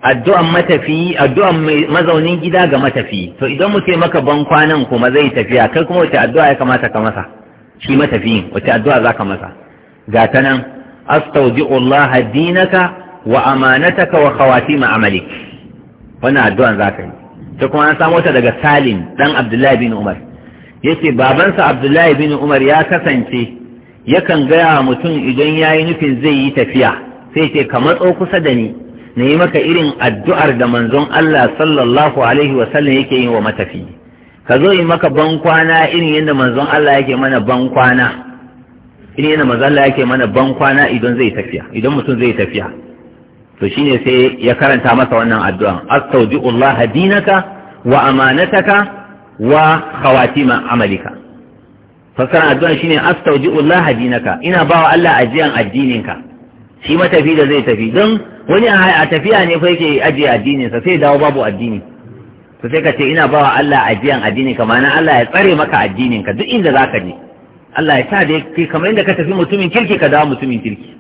addu'an matafi, addu'an mazaunin gida ga matafiyi to idan muke maka ban kwanan kuma zai tafiya kai kuma wace addu'a ya kamata ka masa shi matafiyin wace addu'a za ka masa ga ta nan astaudi'u Allah dinaka wa amanataka wa khawatima amalik wannan addu'an za ka yi ta kuma an samo ta daga Salim dan Abdullahi bin Umar yace babansa Abdullahi bin Umar ya kasance yakan gaya mutum idan ya yi nufin zai yi tafiya sai ce ka matso kusa da ni na yi maka irin addu'ar da manzon Allah sallallahu alaihi wasallam yake yi wa matafi ka zo yi maka ban kwana irin yadda manzon Allah yake mana ban kwana irin yadda manzon Allah yake mana ban kwana idan zai tafiya idan mutum zai tafiya to shi ne sai ya karanta masa wannan addu'an astaudi'ullaha dinaka wa amanataka wa khawatima amalika fassara addu'an shine astaudi'ullaha dinaka ina bawa Allah ajiyan addininka shi matafi da zai tafi don wani a tafiya ne fa yake ajiye addinin sa sai dawo babu addini to sai ka ce ina ba wa Allah ajiyan addini kama na Allah ya tsare maka addinin ka duk inda zaka je Allah ya sa da kai kamar inda ka tafi mutumin kirki ka dawo mutumin kirki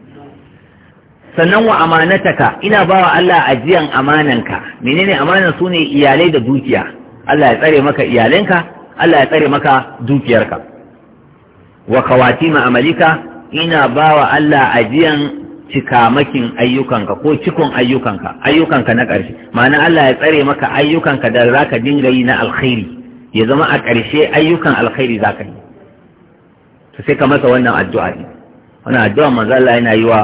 sannan wa amanataka ina ba wa Allah ajiyan amananka menene amanan su ne iyalai da dukiya Allah ya tsare maka iyalanka Allah ya tsare maka dukiyarka wa kawati ma'amalika ina ba wa Allah ajiyan cikamakin ayyukanka ko cikon ayyukanka ayyukanka na ƙarshe ma'ana Allah ya tsare maka ayyukanka da zaka dinga yi na alkhairi ya zama a ƙarshe ayyukan alkhairi ka yi to sai ka masa wannan addu'a ne wannan addu'a manzo Allah yana yi wa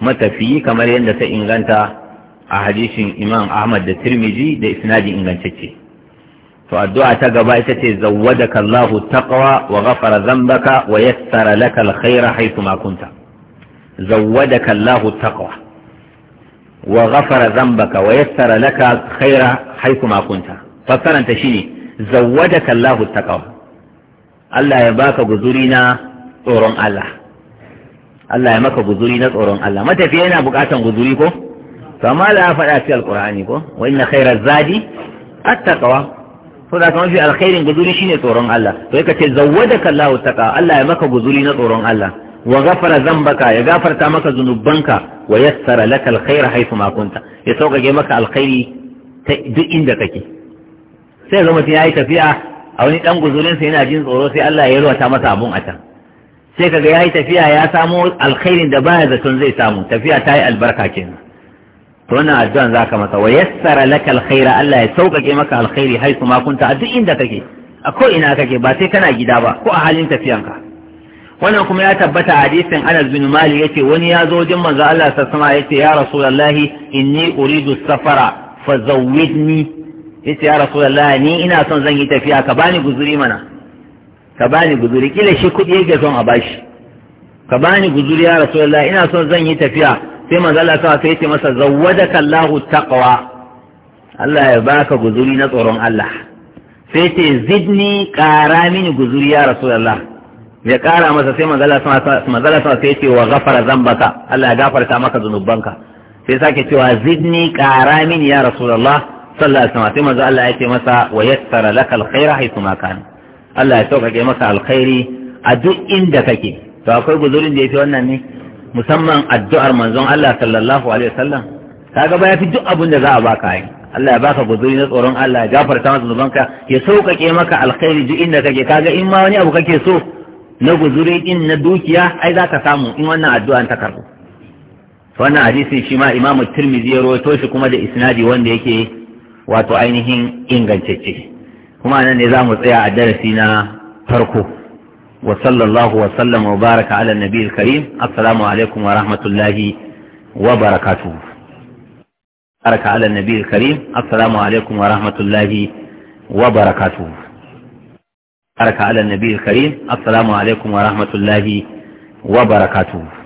matafiyi kamar yadda ta inganta a hadisin Imam Ahmad da Tirmidhi da isnadi ingantacce to addu'a ta gaba ita ce zawwadaka Allahu taqwa wa ghafara dhanbaka wa yassara laka alkhaira haythu ma kunta zawwadaka Allahu taqwa wa ghafara dhanbaka wa yassara laka khaira haythu ma kunta fassaranta shine zawwadaka Allahu taqwa Allah ya baka guzuri na tsoron Allah Allah ya maka guzuri na tsoron Allah matafiya yana bukatan guzuri ko to amma la faɗa cikin alqur'ani ko wa inna khairaz zadi at-taqwa ko da kuma fi alkhairin guzuri tsoron Allah to yake Allah ya maka na tsoron Allah wa ghafara dhanbaka ya gafarta maka zunubanka wa yassara laka alkhaira haythu ma kunta ya sauƙaƙe maka alkhairi ta duk inda kake sai zama mutum yayi tafiya a wani dan guzurin sa yana jin tsoro sai Allah ya yarwata masa abun a can sai kaga yayi tafiya ya samu alkhairin da baya zaton zai samu tafiya ta yi albarka kenan to wannan addu'an zaka masa wa yassara laka alkhaira Allah ya sauƙaƙe maka alkhairi haythu ma kunta a duk inda kake a ko ina kake ba sai kana gida ba ko a halin tafiyanka wannan kuma ya tabbata hadisin Anas bin Malik yace wani ya zo wajen manzo Allah Sassama yace ya Rasulullahi inni uridu safara fa zawwidni yace ya Rasulullahi ni ina son zan yi tafiya ka bani guzuri mana ka bani guzuri kila shi kudi yake son a bashi ka bani guzuri ya Rasulullahi ina son zan yi tafiya sai manzo Allah sallallahu alaihi yace masa zawwadaka Allahu taqwa Allah ya baka guzuri na tsoron Allah sai ce zidni ƙara mini guzuri ya Rasulullahi ya kara masa sai manzala sama sai ce wa gafara zambaka Allah ya gafarta maka zunubanka sai sake cewa zidni kara mini ya rasulullah sallallahu alaihi wasallam sai manzo Allah ya ce masa wa yassara laka alkhaira haythu ma kana Allah ya sauƙaƙe maka alkhairi a duk inda kake to akwai guzurin da yafi wannan ne musamman addu'ar manzon Allah sallallahu alaihi wasallam kaga ba yafi duk abin da za a baka yi Allah ya baka guzuri na tsoron Allah ya gafarta maka zunubanka ya sauƙaƙe maka alkhairi duk inda kake kaga in ma wani abu kake so na guzuri din na dukiya ai za ka samu in wannan addu'an ta karbu wannan hadisi shi ma imam tirmidhi ya rawaito shi kuma da isnadi wanda yake wato ainihin ingantacce kuma nan ne za mu tsaya a darasi na farko wa sallallahu wa sallama wa baraka ala nabiyil karim assalamu alaikum wa rahmatullahi wa barakatuhu baraka ala nabiyil karim assalamu alaikum wa rahmatullahi wa barakatuhu baraka ala nabi karim assalamu alaikum wa rahmatullahi wa barakatuhu